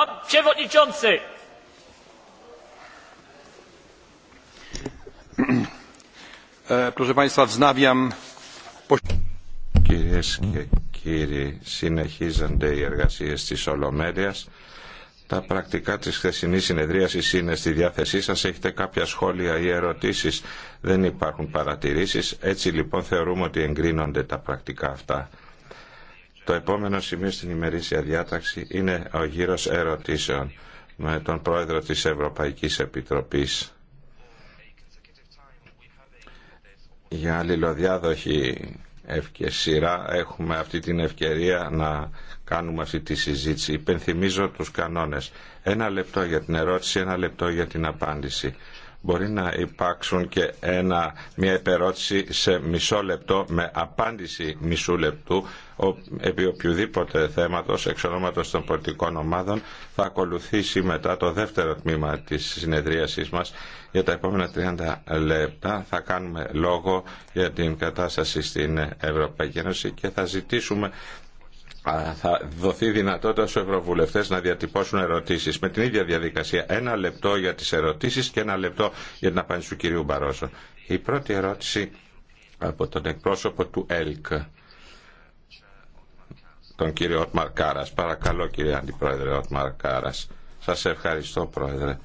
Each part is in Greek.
Pan Przewodniczący! E, proszę Κυρίες και κύριοι, συνεχίζονται οι εργασίε της Ολομέλειας. Τα πρακτικά της χθεσινής συνεδρίασης είναι στη διάθεσή σας. Έχετε κάποια σχόλια ή ερωτήσεις. Δεν υπάρχουν παρατηρήσεις. Έτσι λοιπόν θεωρούμε ότι εγκρίνονται τα πρακτικά αυτά. Το επόμενο σημείο στην ημερήσια διάταξη είναι ο γύρος ερωτήσεων με τον πρόεδρο της Ευρωπαϊκής Επιτροπής. Για αλληλοδιάδοχη ευκαιρία σειρά έχουμε αυτή την ευκαιρία να κάνουμε αυτή τη συζήτηση. Υπενθυμίζω τους κανόνες. Ένα λεπτό για την ερώτηση, ένα λεπτό για την απάντηση μπορεί να υπάρξουν και ένα, μια επερώτηση σε μισό λεπτό με απάντηση μισού λεπτού επί οποιοδήποτε θέματος εξ ονόματος των πολιτικών ομάδων θα ακολουθήσει μετά το δεύτερο τμήμα της συνεδρίασής μας για τα επόμενα 30 λεπτά θα κάνουμε λόγο για την κατάσταση στην Ευρωπαϊκή Ένωση και θα ζητήσουμε θα δοθεί δυνατότητα στους ευρωβουλευτές να διατυπώσουν ερωτήσεις με την ίδια διαδικασία. Ένα λεπτό για τις ερωτήσεις και ένα λεπτό για την απάντηση του κυρίου Μπαρόσο. Η πρώτη ερώτηση από τον εκπρόσωπο του ΕΛΚ, τον κύριο Ότμαρ Κάρας. Παρακαλώ κύριε Αντιπρόεδρε Ότμαρ Κάρας. Σας ευχαριστώ Πρόεδρε.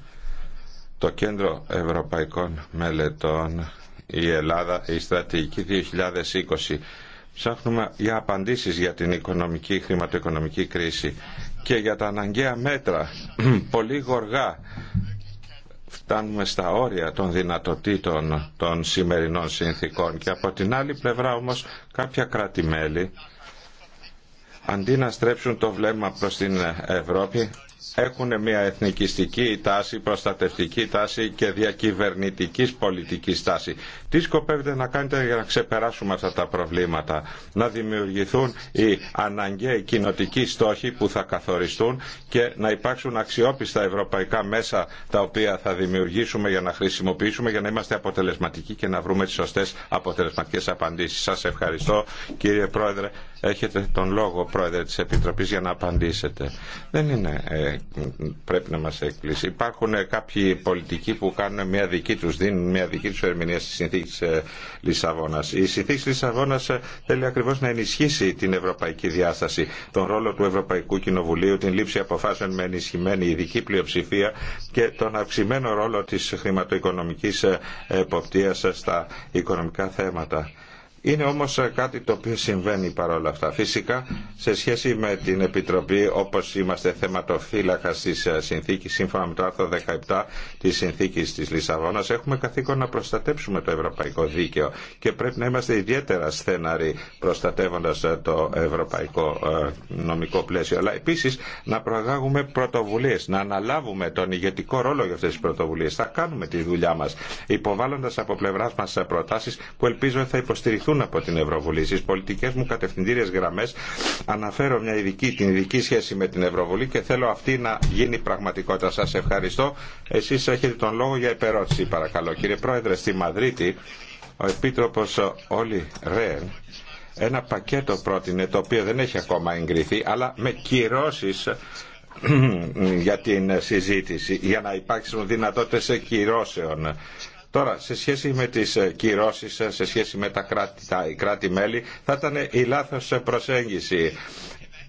Το Κέντρο Ευρωπαϊκών Μελετών, η Ελλάδα, η Στρατηγική 2020 ψάχνουμε για απαντήσεις για την οικονομική, χρηματοοικονομική κρίση και για τα αναγκαία μέτρα πολύ γοργά φτάνουμε στα όρια των δυνατοτήτων των σημερινών συνθήκων και από την άλλη πλευρά όμως κάποια κράτη-μέλη αντί να στρέψουν το βλέμμα προς την Ευρώπη έχουν μια εθνικιστική τάση, προστατευτική τάση και διακυβερνητική πολιτική τάση. Τι σκοπεύετε να κάνετε για να ξεπεράσουμε αυτά τα προβλήματα, να δημιουργηθούν οι αναγκαίοι κοινοτικοί στόχοι που θα καθοριστούν και να υπάρξουν αξιόπιστα ευρωπαϊκά μέσα τα οποία θα δημιουργήσουμε για να χρησιμοποιήσουμε για να είμαστε αποτελεσματικοί και να βρούμε τι σωστέ αποτελεσματικέ απαντήσει. Σα ευχαριστώ κύριε Πρόεδρε. Έχετε τον λόγο, Πρόεδρε της Επιτροπής, για να απαντήσετε. Δεν είναι, ε, πρέπει να μας εκπλήσει. Υπάρχουν ε, κάποιοι πολιτικοί που κάνουν μια δική τους, δίνουν μια δική τους ερμηνεία στη συνθήκη της ε, Λισαβόνας. Η συνθήκη της Λισαβόνας θέλει ακριβώς να ενισχύσει την ευρωπαϊκή διάσταση, τον ρόλο του Ευρωπαϊκού Κοινοβουλίου, την λήψη αποφάσεων με ενισχυμένη ειδική πλειοψηφία και τον αυξημένο ρόλο της χρηματοοικονομικής εποπτείας στα οικονομικά θέματα. Είναι όμως ε, κάτι το οποίο συμβαίνει παρόλα αυτά. Φυσικά σε σχέση με την Επιτροπή όπως είμαστε θέματοφύλακα της ε, συνθήκης σύμφωνα με το άρθρο 17 της συνθήκης της Λισαβόνας έχουμε καθήκον να προστατέψουμε το ευρωπαϊκό δίκαιο και πρέπει να είμαστε ιδιαίτερα στέναροι προστατεύοντας ε, το ευρωπαϊκό νομικό πλαίσιο αλλά επίσης να προαγάγουμε πρωτοβουλίες, να αναλάβουμε τον ηγετικό ρόλο για αυτές τις πρωτοβουλίες. Θα κάνουμε τη δουλειά μας υποβάλλοντας από πλευράς μας προτάσεις που ελπίζω θα υποστηριχθούν από την Ευρωβουλή. Στι πολιτικέ μου κατευθυντήριε γραμμέ αναφέρω μια ειδική, την ειδική σχέση με την Ευρωβουλή και θέλω αυτή να γίνει πραγματικότητα. Σα ευχαριστώ. Εσεί έχετε τον λόγο για υπερώτηση, παρακαλώ. Κύριε Πρόεδρε, στη Μαδρίτη ο επίτροπο Όλι Ρέ ένα πακέτο πρότεινε το οποίο δεν έχει ακόμα εγκριθεί αλλά με κυρώσεις για την συζήτηση για να υπάρξουν δυνατότητες κυρώσεων Τώρα, σε σχέση με τις ε, κυρώσεις, ε, σε σχέση με τα κράτη-μέλη, θα ήταν η λάθος ε, προσέγγιση.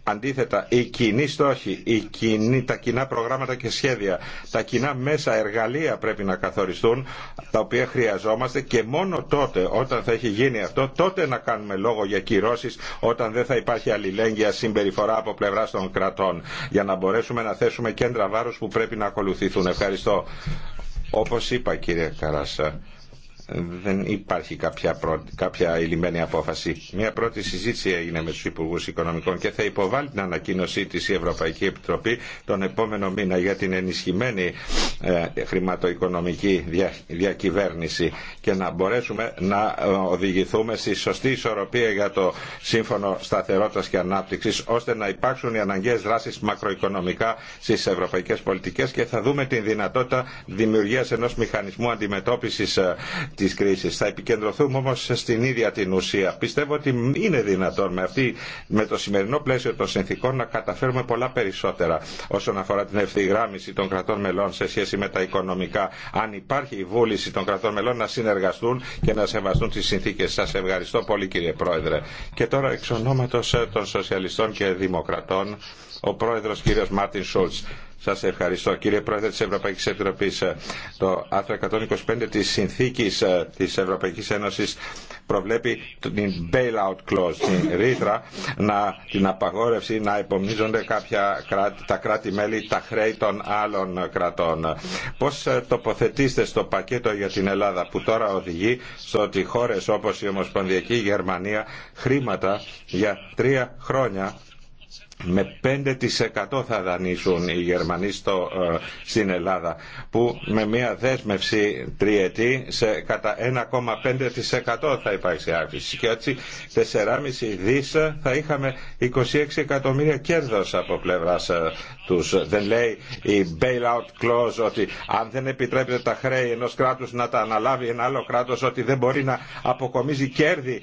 Αντίθετα, οι κοινοί στόχοι, οι κοινοί, τα κοινά προγράμματα και σχέδια, τα κοινά μέσα εργαλεία πρέπει να καθοριστούν, τα οποία χρειαζόμαστε και μόνο τότε, όταν θα έχει γίνει αυτό, τότε να κάνουμε λόγο για κυρώσεις, όταν δεν θα υπάρχει αλληλέγγυα συμπεριφορά από πλευρά των κρατών, για να μπορέσουμε να θέσουμε κέντρα βάρους που πρέπει να ακολουθηθούν. Ευχαριστώ. Όπως είπα κύριε Καράσα, δεν υπάρχει κάποια, προ... κάποια ηλυμένη απόφαση. Μια πρώτη συζήτηση έγινε με του Υπουργού Οικονομικών και θα υποβάλει την ανακοίνωσή τη η Ευρωπαϊκή Επιτροπή τον επόμενο μήνα για την ενισχυμένη ε, χρηματοοικονομική διακυβέρνηση και να μπορέσουμε να ε, οδηγηθούμε στη σωστή ισορροπία για το Σύμφωνο σταθερότητα και ανάπτυξη ώστε να υπάρξουν οι αναγκαίε δράσει μακροοικονομικά στι ευρωπαϊκέ πολιτικέ και θα δούμε την δυνατότητα δημιουργία ενό μηχανισμού αντιμετώπιση. Ε, θα επικεντρωθούμε όμω στην ίδια την ουσία. Πιστεύω ότι είναι δυνατόν με, αυτή, με το σημερινό πλαίσιο των συνθήκων να καταφέρουμε πολλά περισσότερα όσον αφορά την ευθυγράμμιση των κρατών μελών σε σχέση με τα οικονομικά. Αν υπάρχει η βούληση των κρατών μελών να συνεργαστούν και να σεβαστούν τι συνθήκε. Σα ευχαριστώ πολύ κύριε Πρόεδρε. Και τώρα εξ ονόματο των Σοσιαλιστών και Δημοκρατών ο πρόεδρο κύριο Μάρτιν Σούλτ. Σα ευχαριστώ. Κύριε Πρόεδρε τη Ευρωπαϊκή Επιτροπή, ε, το άρθρο 125 της Συνθήκης ε, της Ευρωπαϊκής Ένωσης προβλέπει την bailout clause, την ρήτρα, να, την απαγόρευση να υπομίζονται κάποια, τα κράτη-μέλη τα χρέη των άλλων κρατών. Πώ ε, τοποθετήστε στο πακέτο για την Ελλάδα που τώρα οδηγεί στο ότι χώρες όπως η Ομοσπονδιακή Γερμανία χρήματα για τρία χρόνια με 5% θα δανείσουν οι Γερμανοί στο, ε, στην Ελλάδα που με μια δέσμευση τριετή σε κατά 1,5% θα υπάρξει άφηση και έτσι 4,5 δις θα είχαμε 26 εκατομμύρια κέρδος από πλευράς ε, τους. Δεν λέει η bailout clause ότι αν δεν επιτρέπεται τα χρέη ενός κράτους να τα αναλάβει ένα άλλο κράτος ότι δεν μπορεί να αποκομίζει κέρδη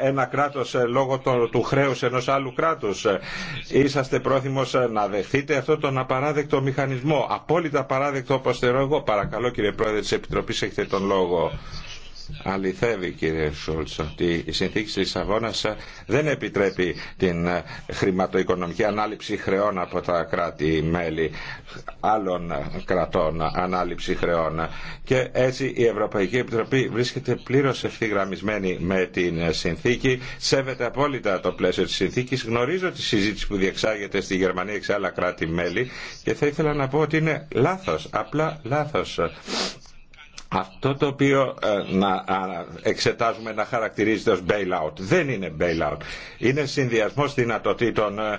ένα κράτος ε, λόγω του χρέους ενός άλλου κράτους είσαστε πρόθυμος ε, να δεχθείτε αυτό τον απαράδεκτο μηχανισμό. Απόλυτα απαράδεκτο όπως θεωρώ εγώ. Παρακαλώ κύριε Πρόεδρε της Επιτροπής έχετε τον λόγο. Αληθεύει κύριε Σούλτ ότι η συνθήκη της Λισαβόνας δεν επιτρέπει την χρηματοοικονομική ανάληψη χρεών από τα κράτη-μέλη άλλων κρατών ανάληψη χρεών και έτσι η Ευρωπαϊκή Επιτροπή βρίσκεται πλήρως ευθυγραμμισμένη με την συνθήκη σέβεται απόλυτα το πλαίσιο της συνθήκης γνωρίζω τη συζήτηση που διεξάγεται στη Γερμανία και σε άλλα κράτη-μέλη και θα ήθελα να πω ότι είναι λάθος, απλά λάθος αυτό το οποίο ε, να εξετάζουμε να χαρακτηρίζεται ως bailout δεν είναι bailout. Είναι συνδυασμός δυνατοτήτων ε,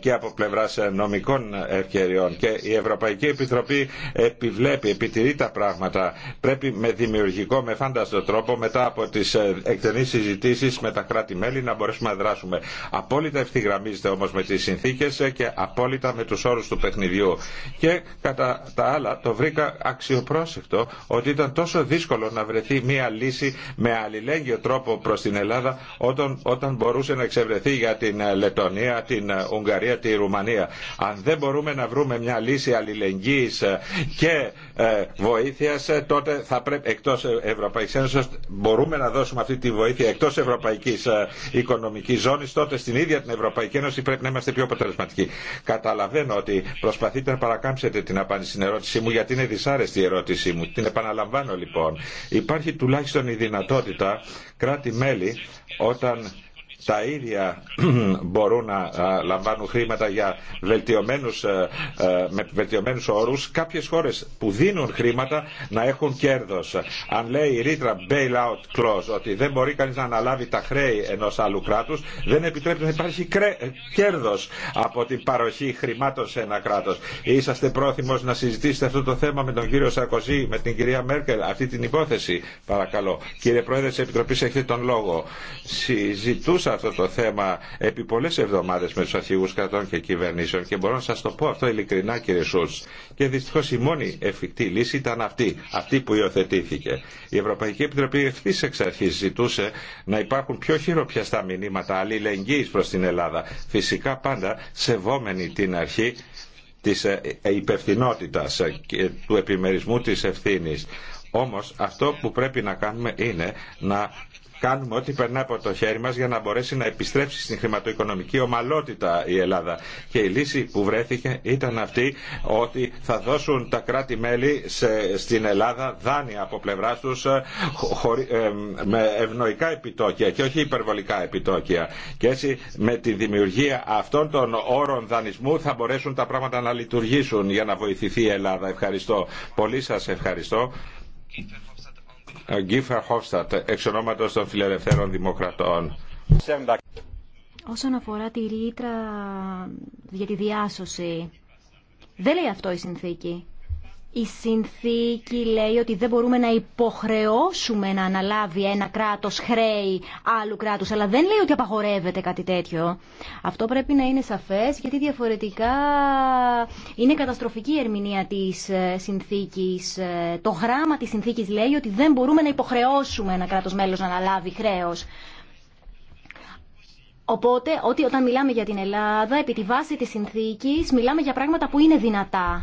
και από πλευράς ε, νομικών ευκαιριών και η Ευρωπαϊκή Επιτροπή επιβλέπει, επιτηρεί τα πράγματα. Πρέπει με δημιουργικό, με φάνταστο τρόπο μετά από τις εκτενείς συζητήσεις με τα κράτη-μέλη να μπορέσουμε να δράσουμε. Απόλυτα ευθυγραμμίζεται όμως με τις συνθήκες και απόλυτα με τους όρους του παιχνιδιού. Και κατά τα άλλα το βρήκα αξιοπρόσεκτο ήταν τόσο δύσκολο να βρεθεί μια λύση με αλληλέγγυο τρόπο προς την Ελλάδα όταν, όταν μπορούσε να εξευρεθεί για την ε, Λετωνία, την ε, Ουγγαρία, τη Ρουμανία. Αν δεν μπορούμε να βρούμε μια λύση αλληλεγγύης ε, και ε, βοήθειας, τότε θα πρέπει εκτός Ευρωπαϊκής Ένωσης μπορούμε να δώσουμε αυτή τη βοήθεια εκτός Ευρωπαϊκής Οικονομικής Ζώνης, τότε στην ίδια την Ευρωπαϊκή Ένωση πρέπει να είμαστε πιο αποτελεσματικοί. Καταλαβαίνω ότι προσπαθείτε να παρακάμψετε την απάντηση στην ερώτησή μου γιατί είναι δυσάρεστη η ερώτησή μου. Την επαναλαμβάνω Επαναλαμβάνω λοιπόν, υπάρχει τουλάχιστον η δυνατότητα κράτη-μέλη όταν τα ίδια μπορούν να λαμβάνουν χρήματα για βελτιωμένους, ε, ε, με βελτιωμένους όρους κάποιες χώρες που δίνουν χρήματα να έχουν κέρδος. Αν λέει η ρήτρα bailout clause ότι δεν μπορεί κανείς να αναλάβει τα χρέη ενός άλλου κράτους δεν επιτρέπει να υπάρχει ε, κέρδος από την παροχή χρημάτων σε ένα κράτος. Είσαστε πρόθυμος να συζητήσετε αυτό το θέμα με τον κύριο Σαρκοζή, με την κυρία Μέρκελ, αυτή την υπόθεση παρακαλώ. Κύριε Πρόεδρε της Επιτροπής έχετε τον λόγο. Συζητούσα αυτό το θέμα επί πολλέ εβδομάδε με του αρχηγού κρατών και κυβερνήσεων και μπορώ να σα το πω αυτό ειλικρινά κύριε Σούλτ. Και δυστυχώ η μόνη εφικτή λύση ήταν αυτή, αυτή που υιοθετήθηκε. Η Ευρωπαϊκή Επιτροπή ευθύ εξ αρχή ζητούσε να υπάρχουν πιο χειροπιαστά μηνύματα αλληλεγγύη προ την Ελλάδα. Φυσικά πάντα σεβόμενη την αρχή της ε, ε, υπευθυνότητας ε, και του επιμερισμού της ευθύνη Όμως αυτό που πρέπει να κάνουμε είναι να κάνουμε ό,τι περνά από το χέρι μας για να μπορέσει να επιστρέψει στην χρηματοοικονομική ομαλότητα η Ελλάδα. Και η λύση που βρέθηκε ήταν αυτή ότι θα δώσουν τα κράτη-μέλη στην Ελλάδα δάνεια από πλευρά τους ε, ε, με ευνοϊκά επιτόκια και όχι υπερβολικά επιτόκια. Και έτσι με τη δημιουργία αυτών των όρων δανεισμού θα μπορέσουν τα πράγματα να λειτουργήσουν για να βοηθηθεί η Ελλάδα. Ευχαριστώ. Πολύ σας ευχαριστώ. Γκίφα Χόφστατ, εξ ονόματος των Φιλελευθέρων Δημοκρατών. Όσον αφορά τη ρήτρα για τη διάσωση, δεν λέει αυτό η συνθήκη. Η συνθήκη λέει ότι δεν μπορούμε να υποχρεώσουμε να αναλάβει ένα κράτος χρέη άλλου κράτους, αλλά δεν λέει ότι απαγορεύεται κάτι τέτοιο. Αυτό πρέπει να είναι σαφές, γιατί διαφορετικά είναι καταστροφική η ερμηνεία της ε, συνθήκης. Ε, το γράμμα της συνθήκης λέει ότι δεν μπορούμε να υποχρεώσουμε ένα κράτος μέλος να αναλάβει χρέος. Οπότε, ότι όταν μιλάμε για την Ελλάδα, επί τη βάση της συνθήκης, μιλάμε για πράγματα που είναι δυνατά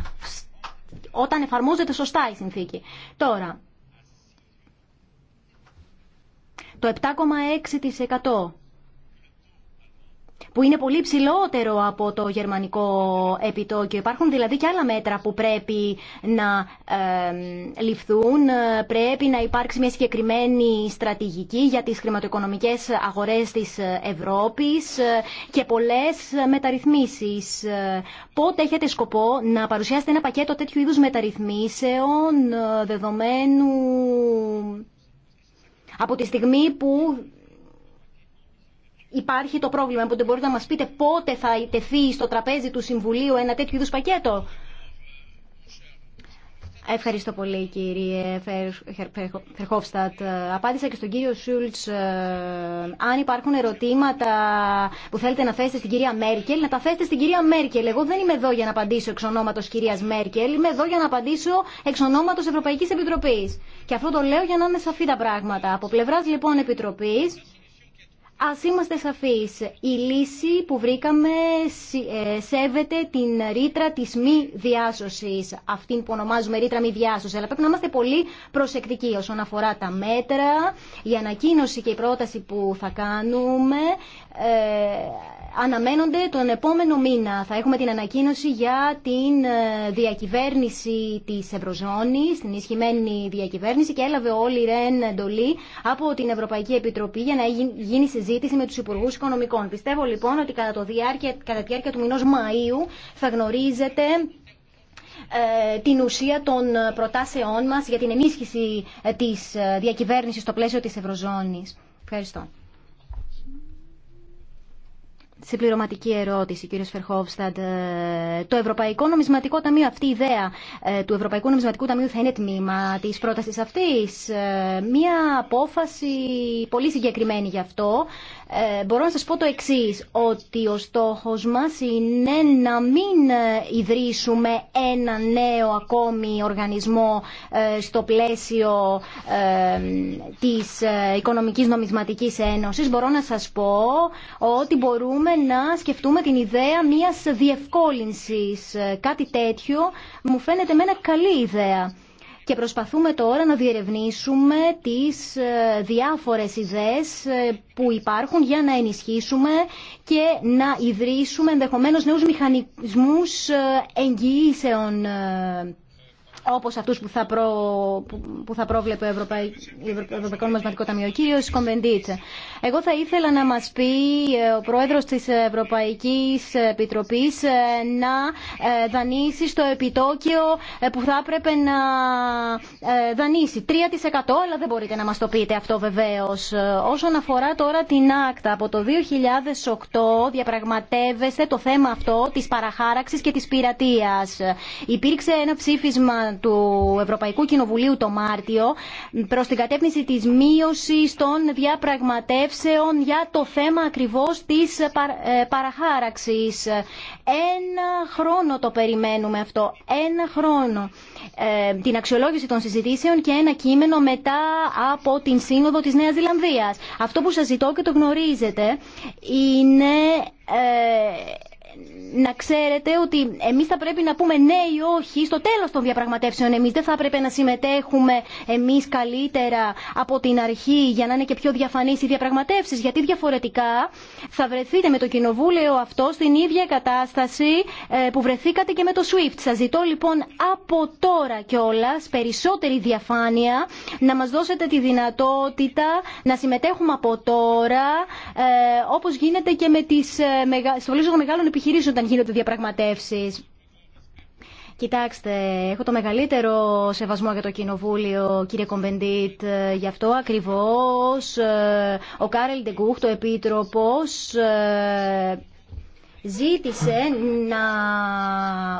όταν εφαρμόζεται σωστά η συνθήκη. Τώρα, το 7,6% που είναι πολύ ψηλότερο από το γερμανικό επιτόκιο. Υπάρχουν δηλαδή και άλλα μέτρα που πρέπει να ε, ληφθούν. Πρέπει να υπάρξει μια συγκεκριμένη στρατηγική για τις χρηματοοικονομικές αγορές της Ευρώπης και πολλές μεταρρυθμίσεις. Πότε έχετε σκοπό να παρουσιάσετε ένα πακέτο τέτοιου είδους μεταρρυθμίσεων δεδομένου από τη στιγμή που υπάρχει το πρόβλημα. Οπότε μπορείτε να μας πείτε πότε θα τεθεί στο τραπέζι του Συμβουλίου ένα τέτοιο είδους πακέτο. Ευχαριστώ πολύ κύριε Φερχόφστατ. Απάντησα και στον κύριο Σούλτς ε, αν υπάρχουν ερωτήματα που θέλετε να θέσετε στην κυρία Μέρκελ, να τα θέσετε στην κυρία Μέρκελ. Εγώ δεν είμαι εδώ για να απαντήσω εξ ονόματος κυρίας Μέρκελ, είμαι εδώ για να απαντήσω εξ ονόματος Ευρωπαϊκής Επιτροπής. Και αυτό το λέω για να είναι σαφή τα πράγματα. Από πλευρά λοιπόν Επιτροπής, Ας είμαστε σαφείς. Η λύση που βρήκαμε ε, σέβεται την ρήτρα της μη διάσωσης, αυτή που ονομάζουμε ρήτρα μη διάσωση. Αλλά πρέπει να είμαστε πολύ προσεκτικοί όσον αφορά τα μέτρα, η ανακοίνωση και η πρόταση που θα κάνουμε ε, αναμένονται τον επόμενο μήνα. Θα έχουμε την ανακοίνωση για την ε, διακυβέρνηση της Ευρωζώνης, την ισχυμένη διακυβέρνηση και έλαβε όλη η ΡΕΝ εντολή από την Ευρωπαϊκή Επιτροπή για να γίνει συζήτηση με τους Υπουργούς Οικονομικών. Πιστεύω λοιπόν ότι κατά, το διάρκεια, κατά τη διάρκεια του μηνός Μαΐου θα γνωρίζετε ε, την ουσία των προτάσεών μας για την ενίσχυση της ε, διακυβέρνησης στο πλαίσιο της Ευρωζώνης. Ευχαριστώ συμπληρωματική ερώτηση, κύριε Σφερχόφσταντ. Ε, το Ευρωπαϊκό Νομισματικό Ταμείο, αυτή η ιδέα ε, του Ευρωπαϊκού Νομισματικού Ταμείου θα είναι τμήμα τη πρόταση αυτή. Ε, μία απόφαση πολύ συγκεκριμένη γι' αυτό ε, μπορώ να σας πω το εξής, ότι ο στόχος μας είναι να μην ε, ιδρύσουμε ένα νέο ακόμη οργανισμό ε, στο πλαίσιο της Οικονομικής Νομισματικής Ένωσης. Μπορώ να σας πω ότι μπορούμε να σκεφτούμε την ιδέα μιας διευκόλυνσης. Κάτι τέτοιο μου φαίνεται με ένα καλή ιδέα και προσπαθούμε τώρα να διερευνήσουμε τις ε, διάφορες ιδέες ε, που υπάρχουν για να ενισχύσουμε και να ιδρύσουμε ενδεχομένως νέους μηχανισμούς ε, εγγυήσεων όπως αυτούς που θα, προ, που θα πρόβλεπε ο Ευρωπαϊκό Νομισματικό Ταμείο. Κύριος Κομπεντήτ. εγώ θα ήθελα να μας πει ε, ο Πρόεδρος της Ευρωπαϊκής Επιτροπής ε, να ε, δανείσει στο επιτόκιο που θα έπρεπε να δανείσει. 3% αλλά δεν μπορείτε να μας το πείτε αυτό βεβαίως. Όσον αφορά τώρα την άκτα, από το 2008 διαπραγματεύεστε το θέμα αυτό της παραχάραξης και της πειρατείας. Υπήρξε ένα ψήφισμα του Ευρωπαϊκού Κοινοβουλίου το Μάρτιο προς την κατεύθυνση της μείωσης των διαπραγματεύσεων για το θέμα ακριβώς της ε, παραχάραξης. Ένα χρόνο το περιμένουμε αυτό. Ένα χρόνο. Ε, την αξιολόγηση των συζητήσεων και ένα κείμενο μετά από την Σύνοδο της Νέας Ζηλανδίας. Αυτό που σας ζητώ και το γνωρίζετε είναι... Ε, να ξέρετε ότι εμείς θα πρέπει να πούμε ναι ή όχι στο τέλος των διαπραγματεύσεων. Εμείς δεν θα πρέπει να συμμετέχουμε εμείς καλύτερα από την αρχή για να είναι και πιο διαφανείς οι διαπραγματεύσεις. Γιατί διαφορετικά θα βρεθείτε με το κοινοβούλιο αυτό στην ίδια κατάσταση ε, που βρεθήκατε και με το SWIFT. Σας ζητώ λοιπόν από τώρα κιόλα περισσότερη διαφάνεια να μας δώσετε τη δυνατότητα να συμμετέχουμε από τώρα ε, όπως γίνεται και με τις, ε, στο των μεγάλων επιχειρήσεων διαχειρίζουν όταν γίνονται διαπραγματεύσεις. Κοιτάξτε, έχω το μεγαλύτερο σεβασμό για το Κοινοβούλιο, κύριε Κομπεντίτ. Γι' αυτό ακριβώς ε, ο Κάρελ Ντεγκούχ, το Επίτροπος, ε, ζήτησε να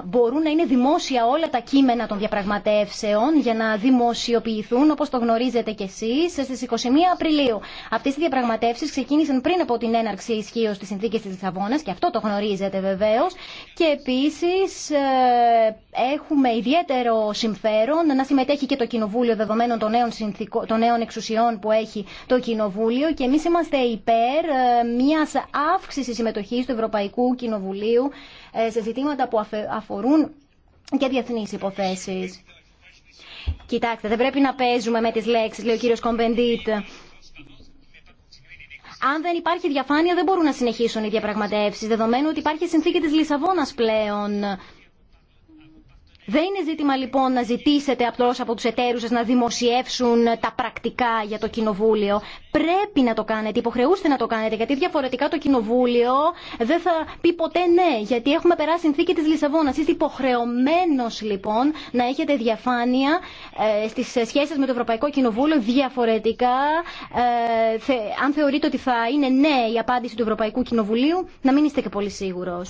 μπορούν να είναι δημόσια όλα τα κείμενα των διαπραγματεύσεων για να δημοσιοποιηθούν όπως το γνωρίζετε και εσείς στις 21 Απριλίου. Αυτές οι διαπραγματεύσεις ξεκίνησαν πριν από την έναρξη ισχύω της συνθήκης της Λισαβόνας και αυτό το γνωρίζετε βεβαίως και επίσης ε, έχουμε ιδιαίτερο συμφέρον να συμμετέχει και το Κοινοβούλιο δεδομένων των νέων, συνθηκο... των νέων εξουσιών που έχει το Κοινοβούλιο και εμείς είμαστε υπέρ ε, μιας αύξησης συμμετοχής του Ευρωπαϊκού Κοινοβουλίου ε, σε ζητήματα που αφορούν και διεθνείς υποθέσεις. Κοιτάξτε, δεν πρέπει να παίζουμε με τις λέξει, λέει ο κύριο Κομπεντίτ. Αν δεν υπάρχει διαφάνεια, δεν μπορούν να συνεχίσουν οι διαπραγματεύσεις, δεδομένου ότι υπάρχει συνθήκη της Λισαβόνας πλέον. Δεν είναι ζήτημα λοιπόν να ζητήσετε απλώ από του εταίρου σα να δημοσιεύσουν τα πρακτικά για το κοινοβούλιο. Πρέπει να το κάνετε, υποχρεούστε να το κάνετε, γιατί διαφορετικά το κοινοβούλιο δεν θα πει ποτέ ναι, γιατί έχουμε περάσει συνθήκη τη Λισαβόνα. Είστε υποχρεωμένο λοιπόν να έχετε διαφάνεια ε, στι σχέσει με το Ευρωπαϊκό Κοινοβούλιο. Διαφορετικά, ε, αν θεωρείτε ότι θα είναι ναι η απάντηση του Ευρωπαϊκού Κοινοβουλίου, να μην είστε και πολύ σίγουρο.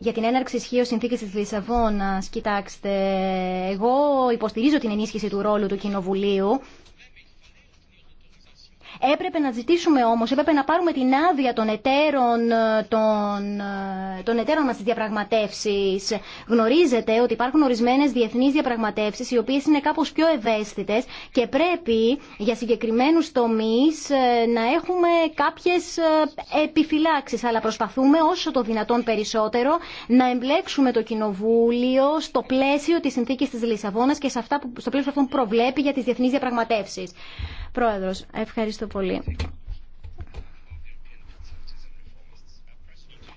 για την έναρξη ισχύω συνθήκη τη Λισαβόνα. Κοιτάξτε, εγώ υποστηρίζω την ενίσχυση του ρόλου του Κοινοβουλίου Έπρεπε να ζητήσουμε όμω έπρεπε να πάρουμε την άδεια των εταίρων, ε, των, ε, των εταίρων μας τη διαπραγματεύσεις. Γνωρίζετε ότι υπάρχουν ορισμένε διεθνεί διαπραγματεύσει, οι οποίε είναι κάπω πιο ευαίσθητε και πρέπει για συγκεκριμένου τομεί ε, να έχουμε κάποιε επιφυλάξει. Αλλά προσπαθούμε όσο το δυνατόν περισσότερο να εμπλέξουμε το Κοινοβούλιο στο πλαίσιο τη συνθήκη τη Λισαβόνα και σε αυτά που, στο πλαίσιο αυτών προβλέπει για τι διεθνεί διαπραγματεύσει. Πρόεδρος, ευχαριστώ πολύ.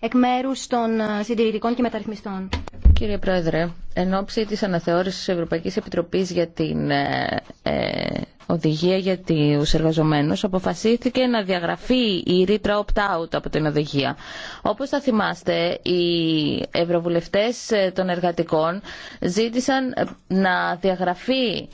Εκ μέρου των ε, συντηρητικών και μεταρρυθμιστών. Κύριε Πρόεδρε, εν ώψη της αναθεώρησης της Ευρωπαϊκής Επιτροπής για την ε, ε οδηγία για του εργαζομένου, αποφασίστηκε να διαγραφεί η ρήτρα opt-out από την οδηγία. Όπως θα θυμάστε, οι ευρωβουλευτές ε, των εργατικών ζήτησαν να διαγραφεί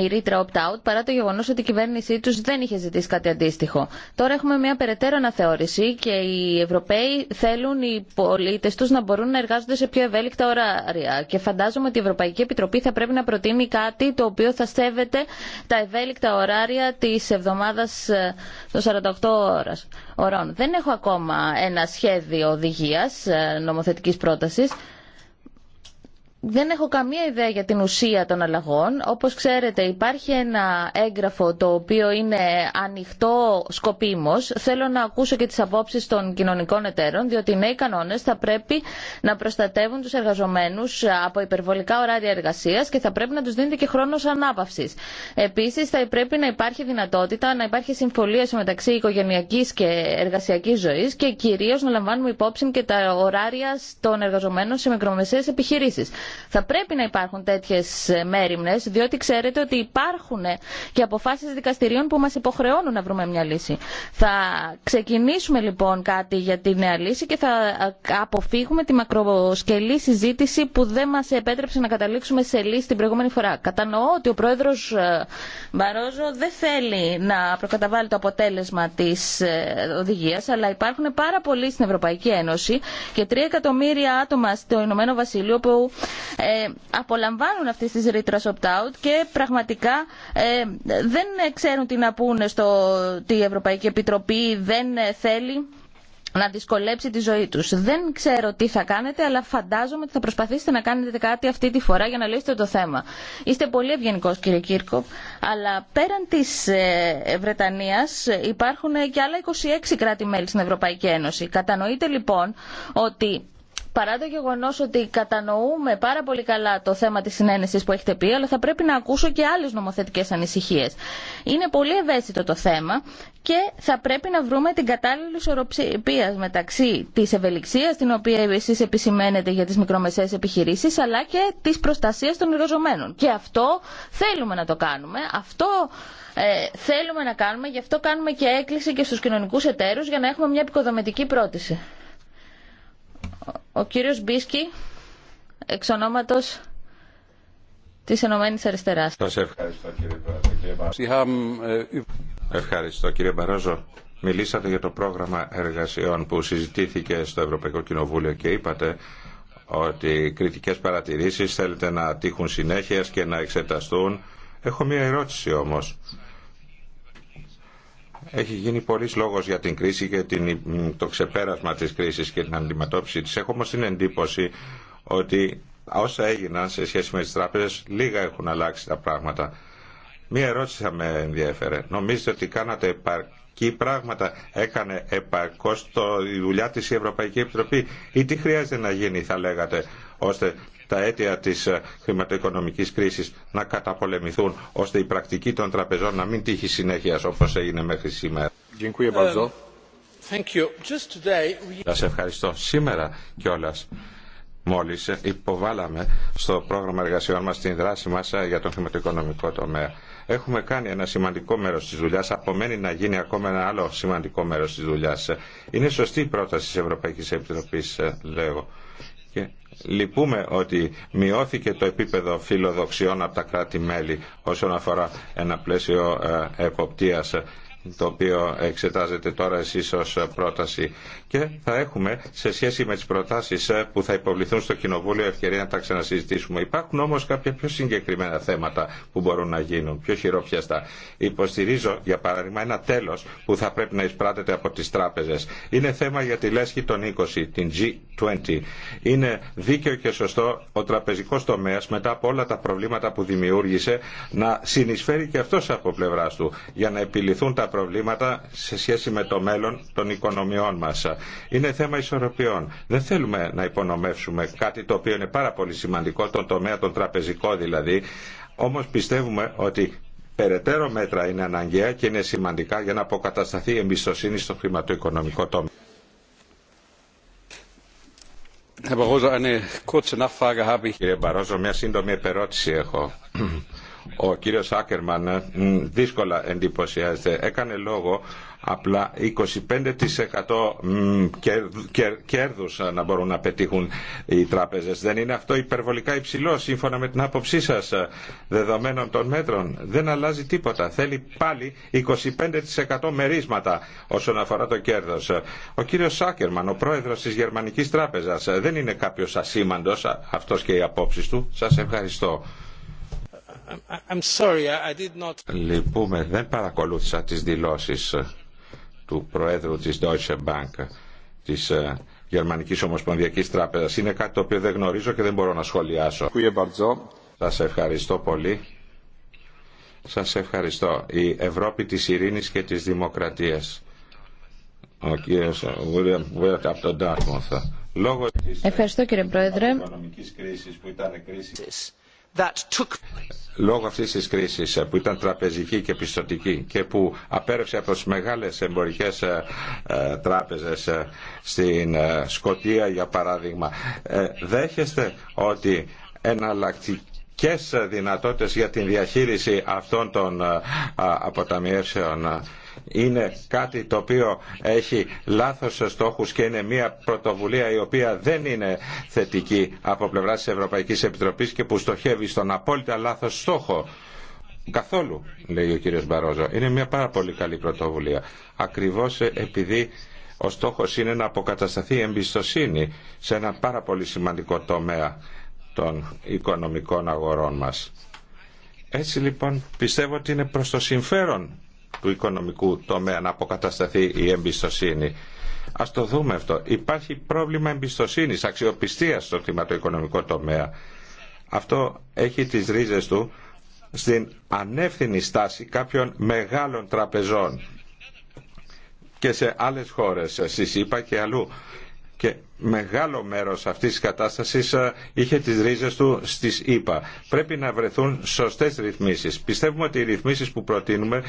η ρήτρα opt-out παρά το γεγονό ότι η κυβέρνησή του δεν είχε ζητήσει κάτι αντίστοιχο. Τώρα έχουμε μια περαιτέρω αναθεώρηση και οι Ευρωπαίοι θέλουν οι πολίτε του να μπορούν να εργάζονται σε πιο ευέλικτα ωράρια. Και φαντάζομαι ότι η Ευρωπαϊκή Επιτροπή θα πρέπει να προτείνει κάτι το οποίο θα σέβεται τα ευέλικτα ωράρια τη εβδομάδα ε, των 48 ώρων. Δεν έχω ακόμα ένα σχέδιο οδηγία ε, νομοθετική πρόταση δεν έχω καμία ιδέα για την ουσία των αλλαγών. Όπως ξέρετε υπάρχει ένα έγγραφο το οποίο είναι ανοιχτό σκοπίμως. Θέλω να ακούσω και τις απόψεις των κοινωνικών εταίρων, διότι οι νέοι κανόνες θα πρέπει να προστατεύουν τους εργαζομένους από υπερβολικά ωράρια εργασίας και θα πρέπει να τους δίνεται και χρόνος ανάπαυσης. Επίσης θα πρέπει να υπάρχει δυνατότητα να υπάρχει συμφωνία μεταξύ οικογενειακής και εργασιακής ζωής και κυρίως να λαμβάνουμε υπόψη και τα ωράρια των εργαζομένων σε μικρομεσαίες επιχειρήσεις. Θα πρέπει να υπάρχουν τέτοιε μέρημνε, διότι ξέρετε ότι υπάρχουν ε, και αποφάσει δικαστηρίων που μα υποχρεώνουν να βρούμε μια λύση. Θα ξεκινήσουμε λοιπόν κάτι για τη νέα λύση και θα ε, αποφύγουμε τη μακροσκελή συζήτηση που δεν μα επέτρεψε να καταλήξουμε σε λύση την προηγούμενη φορά. Κατανοώ ότι ο πρόεδρο ε, Μπαρόζο δεν θέλει να προκαταβάλει το αποτέλεσμα τη οδηγία, αλλά υπάρχουν πάρα πολλοί στην Ευρωπαϊκή Ένωση και 3 εκατομμύρια άτομα στο Ηνωμένο Βασίλειο που ε, απολαμβάνουν αυτή τις ρητρες opt opt-out και πραγματικά ε, δεν ξέρουν τι να πούνε στο ότι η Ευρωπαϊκή Επιτροπή δεν θέλει να δυσκολέψει τη ζωή τους. Δεν ξέρω τι θα κάνετε, αλλά φαντάζομαι ότι θα προσπαθήσετε να κάνετε κάτι αυτή τη φορά για να λύσετε το θέμα. Είστε πολύ ευγενικό κύριε Κύρκο, αλλά πέραν της ε, Βρετανίας υπάρχουν και άλλα 26 κράτη-μέλη στην Ευρωπαϊκή Ένωση. Κατανοείτε λοιπόν ότι παρά το γεγονό ότι κατανοούμε πάρα πολύ καλά το θέμα τη συνένεση που έχετε πει, αλλά θα πρέπει να ακούσω και άλλε νομοθετικέ ανησυχίε. Είναι πολύ ευαίσθητο το θέμα και θα πρέπει να βρούμε την κατάλληλη ισορροπία μεταξύ τη ευελιξία, την οποία εσεί επισημαίνετε για τι μικρομεσαίε επιχειρήσει, αλλά και τη προστασία των εργαζομένων. Και αυτό θέλουμε να το κάνουμε. Αυτό ε, θέλουμε να κάνουμε, γι' αυτό κάνουμε και έκκληση και στους κοινωνικούς εταίρους για να έχουμε μια επικοδομητική πρόταση. Ο κύριος Μπίσκι, εξ ονόματος της Ενωμένης Αριστεράς. ευχαριστώ κύριε ε, Ευχαριστώ κύριε Μπαρόζο. Μιλήσατε για το πρόγραμμα εργασιών που συζητήθηκε στο Ευρωπαϊκό Κοινοβούλιο και είπατε ότι κριτικές παρατηρήσεις θέλετε να τύχουν συνέχεια και να εξεταστούν. Έχω μία ερώτηση όμως. Έχει γίνει πολλής λόγος για την κρίση και το ξεπέρασμα της κρίσης και την αντιμετώπιση της. Έχω όμως την εντύπωση ότι όσα έγιναν σε σχέση με τις τράπεζες λίγα έχουν αλλάξει τα πράγματα. Μία ερώτηση θα με ενδιέφερε. Νομίζετε ότι κάνατε επαρκή πράγματα, έκανε επαρκώς το, η δουλειά της η Ευρωπαϊκή Επιτροπή ή τι χρειάζεται να γίνει θα λέγατε ώστε τα αίτια τη ε, χρηματοοικονομική κρίση να καταπολεμηθούν ώστε η πρακτική των τραπεζών να μην τύχει συνέχεια όπω έγινε μέχρι σήμερα. Um, Σα ευχαριστώ. Σήμερα κιόλα μόλις ε, υποβάλαμε στο πρόγραμμα εργασιών μας την δράση μας ε, για τον χρηματοοικονομικό τομέα. Έχουμε κάνει ένα σημαντικό μέρος της δουλειάς, απομένει να γίνει ακόμα ένα άλλο σημαντικό μέρο της δουλειάς. Είναι σωστή η πρόταση της Ευρωπαϊκής Επιτροπής, λέγω και λυπούμε ότι μειώθηκε το επίπεδο φιλοδοξιών από τα κράτη-μέλη όσον αφορά ένα πλαίσιο ε, εποπτείας το οποίο εξετάζετε τώρα εσείς ως πρόταση και θα έχουμε σε σχέση με τις προτάσεις που θα υποβληθούν στο Κοινοβούλιο ευκαιρία να τα ξανασυζητήσουμε. Υπάρχουν όμως κάποια πιο συγκεκριμένα θέματα που μπορούν να γίνουν, πιο χειροπιαστά. Υποστηρίζω για παράδειγμα ένα τέλος που θα πρέπει να εισπράτεται από τις τράπεζες. Είναι θέμα για τη λέσχη των 20, την G20. Είναι δίκαιο και σωστό ο τραπεζικός τομέας μετά από όλα τα προβλήματα που δημιούργησε να συνεισφέρει και αυτός από πλευράς του για να επιληθούν τα προβλήματα σε σχέση με το μέλλον των οικονομιών μας. Είναι θέμα ισορροπιών. Δεν θέλουμε να υπονομεύσουμε κάτι το οποίο είναι πάρα πολύ σημαντικό, τον τομέα τον τραπεζικό δηλαδή, όμως πιστεύουμε ότι περαιτέρω μέτρα είναι αναγκαία και είναι σημαντικά για να αποκατασταθεί η εμπιστοσύνη στο χρηματοοικονομικό τομέα. Κύριε Μπαρόζο, μια σύντομη επερώτηση έχω ο κύριος Σάκερμαν ε, δύσκολα εντυπωσιάζεται. Έκανε λόγο απλά 25% κέρδους ε, να μπορούν να πετύχουν οι τράπεζες. Δεν είναι αυτό υπερβολικά υψηλό σύμφωνα με την άποψή σας ε, δεδομένων των μέτρων. Δεν αλλάζει τίποτα. Θέλει πάλι 25% μερίσματα όσον αφορά το κέρδος. Ο κύριος Σάκερμαν, ο πρόεδρος της Γερμανικής Τράπεζας, δεν είναι κάποιος ασήμαντος αυτός και οι απόψεις του. Σας ευχαριστώ. Λυπούμε, δεν παρακολούθησα τις δηλώσεις του Προέδρου της Deutsche Bank, της ε, Γερμανικής Ομοσπονδιακής Τράπεζας. Είναι κάτι το οποίο δεν γνωρίζω και δεν μπορώ να σχολιάσω. Σας ευχαριστώ πολύ. Σας ευχαριστώ. Η Ευρώπη της ειρήνης και της δημοκρατίας. Ο κύριος από Ευχαριστώ κύριε Πρόεδρε. Λόγω αυτής της κρίσης ε, που ήταν τραπεζική και πιστοτική και που απέρευσε από τις μεγάλες εμπορικές ε, ε, τράπεζες στην Σκοτία για παράδειγμα, δέχεστε ότι εναλλακτική σε δυνατότητες για την διαχείριση αυτών των αποταμιεύσεων είναι κάτι το οποίο έχει λάθος στόχους και είναι μια πρωτοβουλία η οποία δεν είναι θετική από πλευρά της Ευρωπαϊκής Επιτροπής και που στοχεύει στον απόλυτα λάθος στόχο. Καθόλου, λέει ο κύριος Μπαρόζο. Είναι μια πάρα πολύ καλή πρωτοβουλία. Ακριβώς επειδή ο στόχος είναι να αποκατασταθεί η εμπιστοσύνη σε ένα πάρα πολύ σημαντικό τομέα των οικονομικών αγορών μας. Έτσι λοιπόν πιστεύω ότι είναι προς το συμφέρον του οικονομικού τομέα να αποκατασταθεί η εμπιστοσύνη. Ας το δούμε αυτό. Υπάρχει πρόβλημα εμπιστοσύνης, αξιοπιστίας στο χρηματοοικονομικό τομέα. Αυτό έχει τις ρίζες του στην ανεύθυνη στάση κάποιων μεγάλων τραπεζών και σε άλλες χώρες, ε, στη είπα και αλλού και μεγάλο μέρος αυτής της κατάστασης ε, είχε τις ρίζες του στις ΗΠΑ. Πρέπει να βρεθούν σωστές ρυθμίσεις. Πιστεύουμε ότι οι ρυθμίσεις που προτείνουμε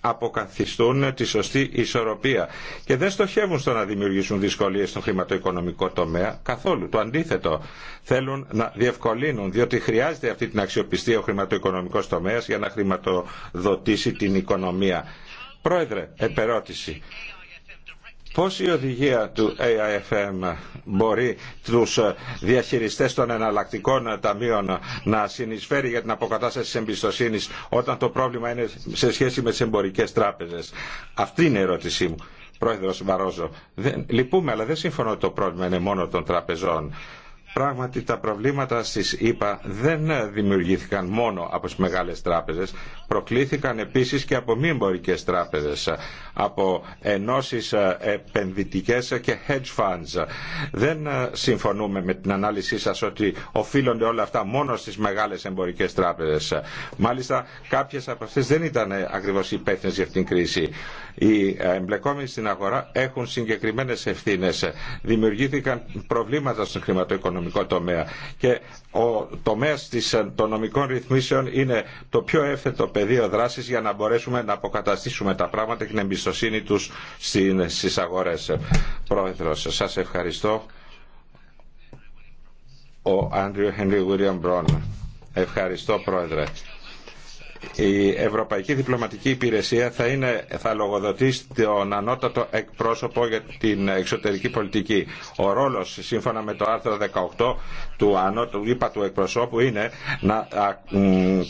αποκαθιστούν ε, τη σωστή ισορροπία και δεν στοχεύουν στο να δημιουργήσουν δυσκολίες στον χρηματοοικονομικό τομέα καθόλου. Το αντίθετο θέλουν να διευκολύνουν διότι χρειάζεται αυτή την αξιοπιστία ο χρηματοοικονομικός τομέας για να χρηματοδοτήσει την οικονομία. Πρόεδρε, επερώτηση. Πώς η οδηγία του AIFM μπορεί τους διαχειριστές των εναλλακτικών ταμείων να συνεισφέρει για την αποκατάσταση της εμπιστοσύνης όταν το πρόβλημα είναι σε σχέση με τις εμπορικές τράπεζες. Αυτή είναι η ερώτησή μου. Πρόεδρος Μαρόζο. δεν, λυπούμε αλλά δεν συμφωνώ ότι το πρόβλημα είναι μόνο των τραπεζών. Πράγματι τα προβλήματα στις ΗΠΑ δεν δημιουργήθηκαν μόνο από τις μεγάλες τράπεζες, προκλήθηκαν επίσης και από μη εμπορικέ τράπεζες, από ενώσεις επενδυτικές και hedge funds. Δεν συμφωνούμε με την ανάλυση σας ότι οφείλονται όλα αυτά μόνο στις μεγάλες εμπορικές τράπεζες. Μάλιστα κάποιες από αυτές δεν ήταν ακριβώς υπεύθυνε για αυτήν την κρίση. Οι εμπλεκόμενοι στην αγορά έχουν συγκεκριμένες ευθύνες. Δημιουργήθηκαν προβλήματα στον χρηματοοικονομικό νομικό τομέα. Και ο τομέας ε, των νομικών ρυθμίσεων είναι το πιο εύθετο πεδίο δράσης για να μπορέσουμε να αποκαταστήσουμε τα πράγματα και την εμπιστοσύνη του στις αγορέ. Πρόεδρο, σας ευχαριστώ. Ο Άντριο Χενρί Μπρόν. Ευχαριστώ, Πρόεδρε η Ευρωπαϊκή Διπλωματική Υπηρεσία θα, είναι, θα λογοδοτεί στον ανώτατο εκπρόσωπο για την εξωτερική πολιτική. Ο ρόλος σύμφωνα με το άρθρο 18 του ανώτου είπα του εκπροσώπου είναι να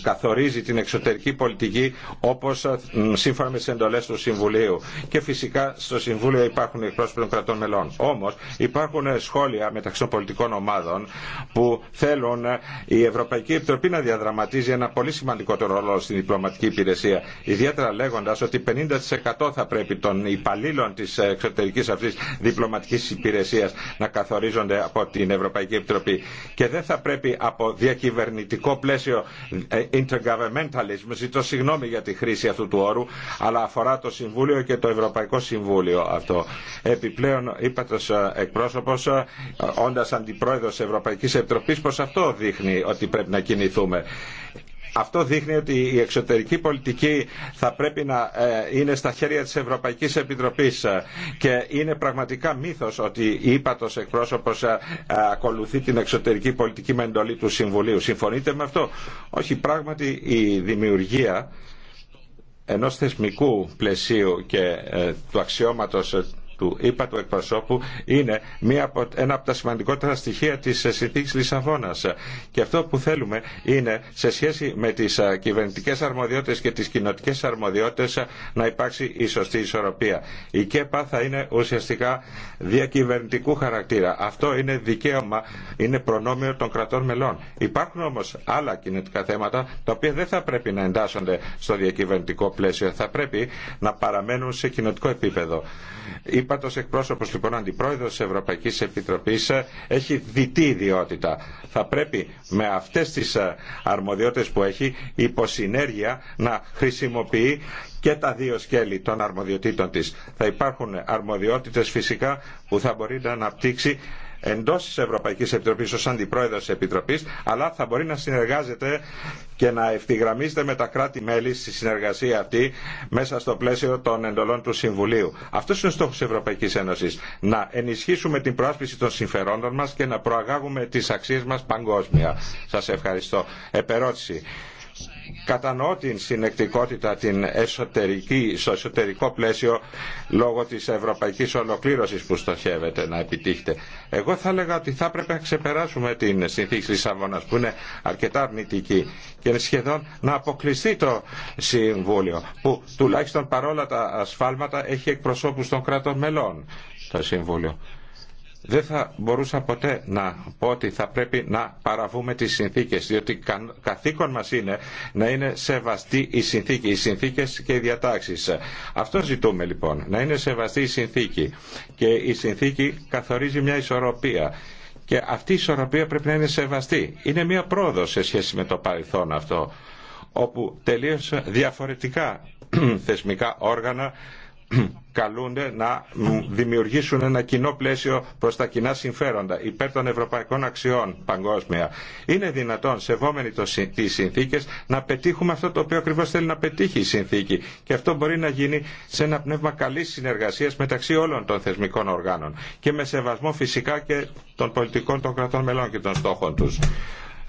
καθορίζει την εξωτερική πολιτική όπως σύμφωνα με τις εντολές του Συμβουλίου. Και φυσικά στο Συμβούλιο υπάρχουν εκπρόσωποι των κρατών μελών. Όμως υπάρχουν σχόλια μεταξύ των πολιτικών ομάδων που θέλουν η Ευρωπαϊκή Επιτροπή να διαδραματίζει ένα πολύ σημαντικό ρόλο στην διπλωματική υπηρεσία. Ιδιαίτερα λέγοντα ότι 50% θα πρέπει των υπαλλήλων τη εξωτερική αυτή διπλωματική υπηρεσία να καθορίζονται από την Ευρωπαϊκή Επιτροπή. Και δεν θα πρέπει από διακυβερνητικό πλαίσιο ε, intergovernmentalism, ζητώ συγγνώμη για τη χρήση αυτού του όρου, αλλά αφορά το Συμβούλιο και το Ευρωπαϊκό Συμβούλιο αυτό. Επιπλέον, είπατε εκπρόσωπο, ε, όντα αντιπρόεδρο Ευρωπαϊκή Επιτροπή, πω αυτό δείχνει ότι πρέπει να κινηθούμε. Αυτό δείχνει ότι η εξωτερική πολιτική θα πρέπει να ε, είναι στα χέρια της Ευρωπαϊκής Επιτροπής και είναι πραγματικά μύθος ότι η ύπατος εκπρόσωπος ε, ε, ακολουθεί την εξωτερική πολιτική με εντολή του Συμβουλίου. Συμφωνείτε με αυτό. Όχι πράγματι η δημιουργία ενός θεσμικού πλαισίου και του αξιώματος του είπα του εκπροσώπου είναι μία από, ένα από τα σημαντικότερα στοιχεία της συνθήκης Λισαβόνας. Και αυτό που θέλουμε είναι σε σχέση με τις κυβερνητικές αρμοδιότητες και τις κοινοτικές αρμοδιότητες να υπάρξει η σωστή ισορροπία. Η ΚΕΠΑ θα είναι ουσιαστικά διακυβερνητικού χαρακτήρα. Αυτό είναι δικαίωμα, είναι προνόμιο των κρατών μελών. Υπάρχουν όμως άλλα κινητικά θέματα τα οποία δεν θα πρέπει να εντάσσονται στο διακυβερνητικό πλαίσιο. Θα πρέπει να παραμένουν σε κοινοτικό επίπεδο πάντως εκπρόσωπος λοιπόν αντιπρόεδρο τη Ευρωπαϊκής Επιτροπής ε, έχει διτή ιδιότητα. Θα πρέπει με αυτές τις ε, αρμοδιότητες που έχει υποσυνέργεια να χρησιμοποιεί και τα δύο σκέλη των αρμοδιοτήτων της. Θα υπάρχουν αρμοδιότητες φυσικά που θα μπορεί να αναπτύξει εντό τη Ευρωπαϊκή Επιτροπή ω αντιπρόεδρο τη Επιτροπή, αλλά θα μπορεί να συνεργάζεται και να ευθυγραμμίζεται με τα κράτη-μέλη στη συνεργασία αυτή μέσα στο πλαίσιο των εντολών του Συμβουλίου. Αυτό είναι ο στόχο τη Ευρωπαϊκή Ένωση. Να ενισχύσουμε την προάσπιση των συμφερόντων μα και να προαγάγουμε τι αξίε μα παγκόσμια. Σα ευχαριστώ. Επερώτηση κατανοώ την συνεκτικότητα την εσωτερική, στο εσωτερικό πλαίσιο λόγω της ευρωπαϊκής ολοκλήρωσης που στοχεύεται να επιτύχετε. Εγώ θα έλεγα ότι θα πρέπει να ξεπεράσουμε την συνθήκη της Αβώνας που είναι αρκετά αρνητική και σχεδόν να αποκλειστεί το Συμβούλιο που τουλάχιστον παρόλα τα ασφάλματα έχει εκπροσώπους των κρατών μελών το Συμβούλιο δεν θα μπορούσα ποτέ να πω ότι θα πρέπει να παραβούμε τις συνθήκες, διότι καθήκον μας είναι να είναι σεβαστή η συνθήκη, οι συνθήκες και οι διατάξεις. Αυτό ζητούμε λοιπόν, να είναι σεβαστή η συνθήκη και η συνθήκη καθορίζει μια ισορροπία. Και αυτή η ισορροπία πρέπει να είναι σεβαστή. Είναι μια πρόοδος σε σχέση με το παρελθόν αυτό, όπου τελείως διαφορετικά θεσμικά όργανα καλούνται να δημιουργήσουν ένα κοινό πλαίσιο προ τα κοινά συμφέροντα υπέρ των ευρωπαϊκών αξιών παγκόσμια. Είναι δυνατόν, σεβόμενοι τι συνθήκε, να πετύχουμε αυτό το οποίο ακριβώ θέλει να πετύχει η συνθήκη. Και αυτό μπορεί να γίνει σε ένα πνεύμα καλή συνεργασία μεταξύ όλων των θεσμικών οργάνων και με σεβασμό φυσικά και των πολιτικών των κρατών μελών και των στόχων του.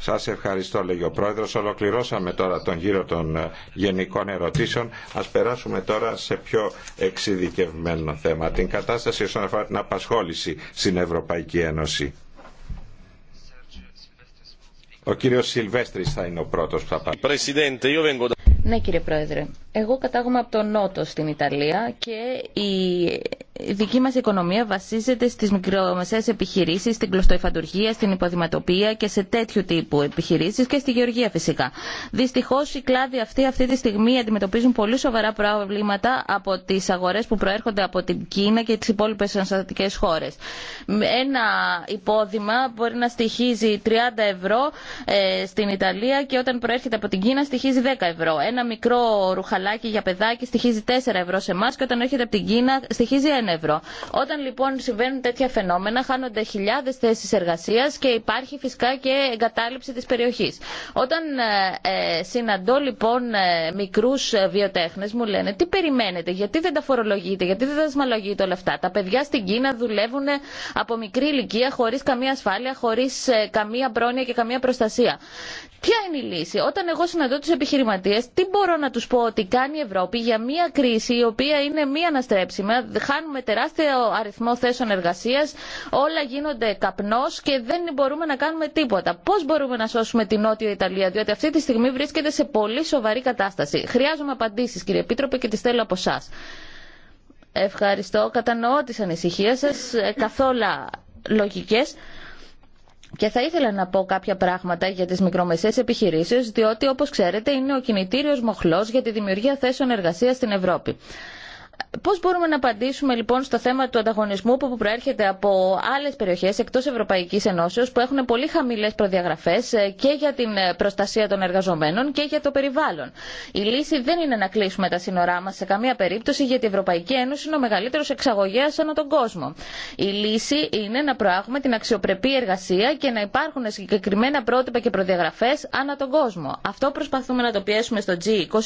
Σας ευχαριστώ, λέγει ο Πρόεδρο. Ολοκληρώσαμε τώρα τον γύρο των ε, γενικών ερωτήσεων. Ας περάσουμε τώρα σε πιο εξειδικευμένο θέμα. Την κατάσταση όσον αφορά την απασχόληση στην Ευρωπαϊκή Ένωση. Ο κύριος Σιλβέστρης θα είναι ο πρώτος που θα πάρει. Ναι, κύριε Πρόεδρε. Εγώ κατάγομαι από τον Νότο στην Ιταλία και η δική μας οικονομία βασίζεται στις μικρομεσαίες επιχειρήσεις, στην κλωστοϊφαντουργία, στην υποδηματοπία και σε τέτοιου τύπου επιχειρήσεις και στη γεωργία φυσικά. Δυστυχώς οι κλάδοι αυτοί αυτή τη στιγμή αντιμετωπίζουν πολύ σοβαρά προβλήματα από τις αγορές που προέρχονται από την Κίνα και τις υπόλοιπες αναστατικές χώρες. Ένα υπόδημα μπορεί να στοιχίζει 30 ευρώ ε, στην Ιταλία και όταν προέρχεται από την Κίνα στοιχίζει 10 ευρώ. Ένα μικρό μπουκαλάκι για παιδάκι στοιχίζει 4 ευρώ σε εμά και όταν έρχεται από την Κίνα στοιχίζει 1 ευρώ. Όταν λοιπόν συμβαίνουν τέτοια φαινόμενα, χάνονται χιλιάδε θέσει εργασία και υπάρχει φυσικά και εγκατάλειψη τη περιοχή. Όταν ε, ε, συναντώ λοιπόν ε, μικρού ε, βιοτέχνε, μου λένε τι περιμένετε, γιατί δεν τα φορολογείτε, γιατί δεν τα σμαλογείτε όλα αυτά. Τα παιδιά στην Κίνα δουλεύουν ε, από μικρή ηλικία χωρί καμία ασφάλεια, χωρί καμία πρόνοια και καμία προστασία. Ποια είναι η λύση. Όταν εγώ συναντώ του επιχειρηματίε, τι μπορώ να του πω ότι κάνει η Ευρώπη για μια κρίση η οποία είναι μη αναστρέψιμα. Χάνουμε τεράστιο αριθμό θέσεων εργασία, όλα γίνονται καπνό και δεν μπορούμε να κάνουμε τίποτα. Πώ μπορούμε να σώσουμε την Νότια Ιταλία, διότι αυτή τη στιγμή βρίσκεται σε πολύ σοβαρή κατάσταση. Χρειάζομαι απαντήσει, κύριε Επίτροπε, και τι θέλω από εσά. Ευχαριστώ. Κατανοώ τι ανησυχίε σας, ε, καθόλου λογικέ. Και θα ήθελα να πω κάποια πράγματα για τις μικρομεσαίες επιχειρήσεις, διότι όπως ξέρετε είναι ο κινητήριος μοχλός για τη δημιουργία θέσεων εργασίας στην Ευρώπη. Πώ μπορούμε να απαντήσουμε λοιπόν στο θέμα του ανταγωνισμού που προέρχεται από άλλε περιοχέ εκτό Ευρωπαϊκή Ενώσεω που έχουν πολύ χαμηλέ προδιαγραφέ ε, και για την ε, προστασία των εργαζομένων και για το περιβάλλον. Η λύση δεν είναι να κλείσουμε τα σύνορά μα σε καμία περίπτωση γιατί η Ευρωπαϊκή Ένωση είναι ο μεγαλύτερο εξαγωγέα ανά τον κόσμο. Η λύση είναι να προάγουμε την αξιοπρεπή εργασία και να υπάρχουν συγκεκριμένα πρότυπα και προδιαγραφέ ανά τον κόσμο. Αυτό προσπαθούμε να το πιέσουμε στο G20,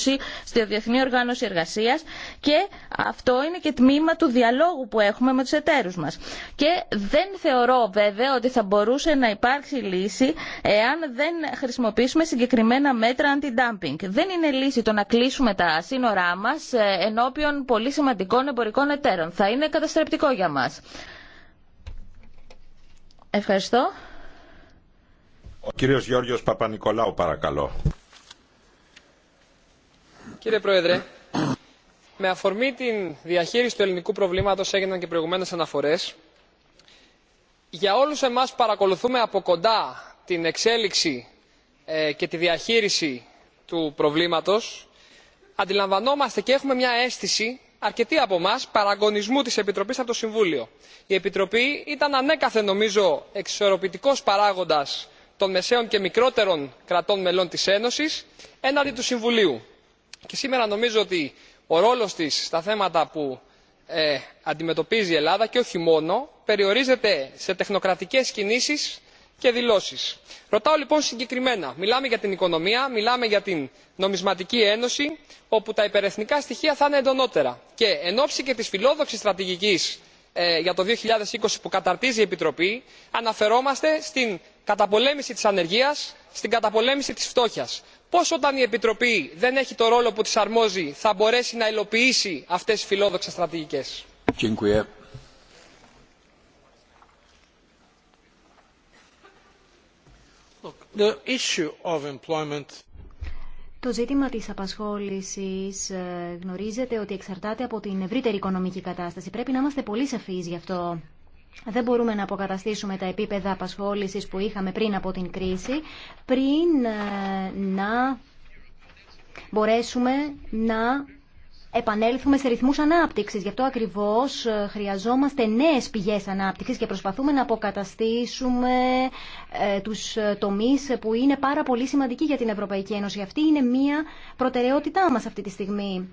στη Διεθνή Οργάνωση εργασία. και αυτό είναι και τμήμα του διαλόγου που έχουμε με τους εταίρους μας. Και δεν θεωρώ βέβαια ότι θα μπορούσε να υπάρξει λύση εάν δεν χρησιμοποιήσουμε συγκεκριμένα μέτρα αντι-dumping. Δεν είναι λύση το να κλείσουμε τα σύνορά μας ε, ενώπιον πολύ σημαντικών εμπορικών εταίρων. Θα είναι καταστρεπτικό για μας. Ευχαριστώ. Ο κύριος Γιώργος παρακαλώ. Κύριε Πρόεδρε, με αφορμή την διαχείριση του ελληνικού προβλήματο έγιναν και προηγουμένω αναφορέ, Για όλου εμά που παρακολουθούμε από κοντά την εξέλιξη ε, και τη διαχείριση του προβλήματο, αντιλαμβανόμαστε και έχουμε μια αίσθηση αρκετοί από εμά παραγωνισμού τη Επιτροπή από το συμβούλιο. η επιτροπή ήταν ανέκαθεν νομίζω εξορροπητικό παράγοντα των μεσαίων και μικρότερων κρατών μελών της ένωσης έναντι του συμβουλίου και σήμερα νομίζω ότι ο ρόλος της στα θέματα που ε, αντιμετωπίζει η ελλάδα και όχι μόνο περιορίζεται σε τεχνοκρατικές κινήσεις και δηλώσεις. ρωτάω λοιπόν συγκεκριμένα μιλάμε για την οικονομία μιλάμε για την νομισματική ένωση όπου τα υπερεθνικά στοιχεία θα είναι εντονότερα και εν ώψη και της φιλόδοξης στρατηγικής ε, για το 2020 που καταρτίζει η επιτροπή αναφερόμαστε στην καταπολέμηση της ανεργίας στην καταπολέμηση της φτώχειας πώς όταν η επιτροπή δεν έχει το ρόλο που της αρμόζει θα μπορέσει να υλοποιήσει αυτές τις φιλόδοξες στρατηγικές. Το ζήτημα της απασχόλησης ε, γνωρίζετε ότι εξαρτάται από την ευρύτερη οικονομική κατάσταση. Πρέπει να είμαστε πολύ σαφείς γι' αυτό. Δεν μπορούμε να αποκαταστήσουμε τα επίπεδα απασχόλησης που είχαμε πριν από την κρίση, πριν ε, να μπορέσουμε να επανέλθουμε σε ρυθμούς ανάπτυξης. Γι' αυτό ακριβώς ε, χρειαζόμαστε νέες πηγές ανάπτυξης και προσπαθούμε να αποκαταστήσουμε ε, τους τομείς που είναι πάρα πολύ σημαντικοί για την Ευρωπαϊκή Ένωση. Αυτή είναι μία προτεραιότητά μας αυτή τη στιγμή.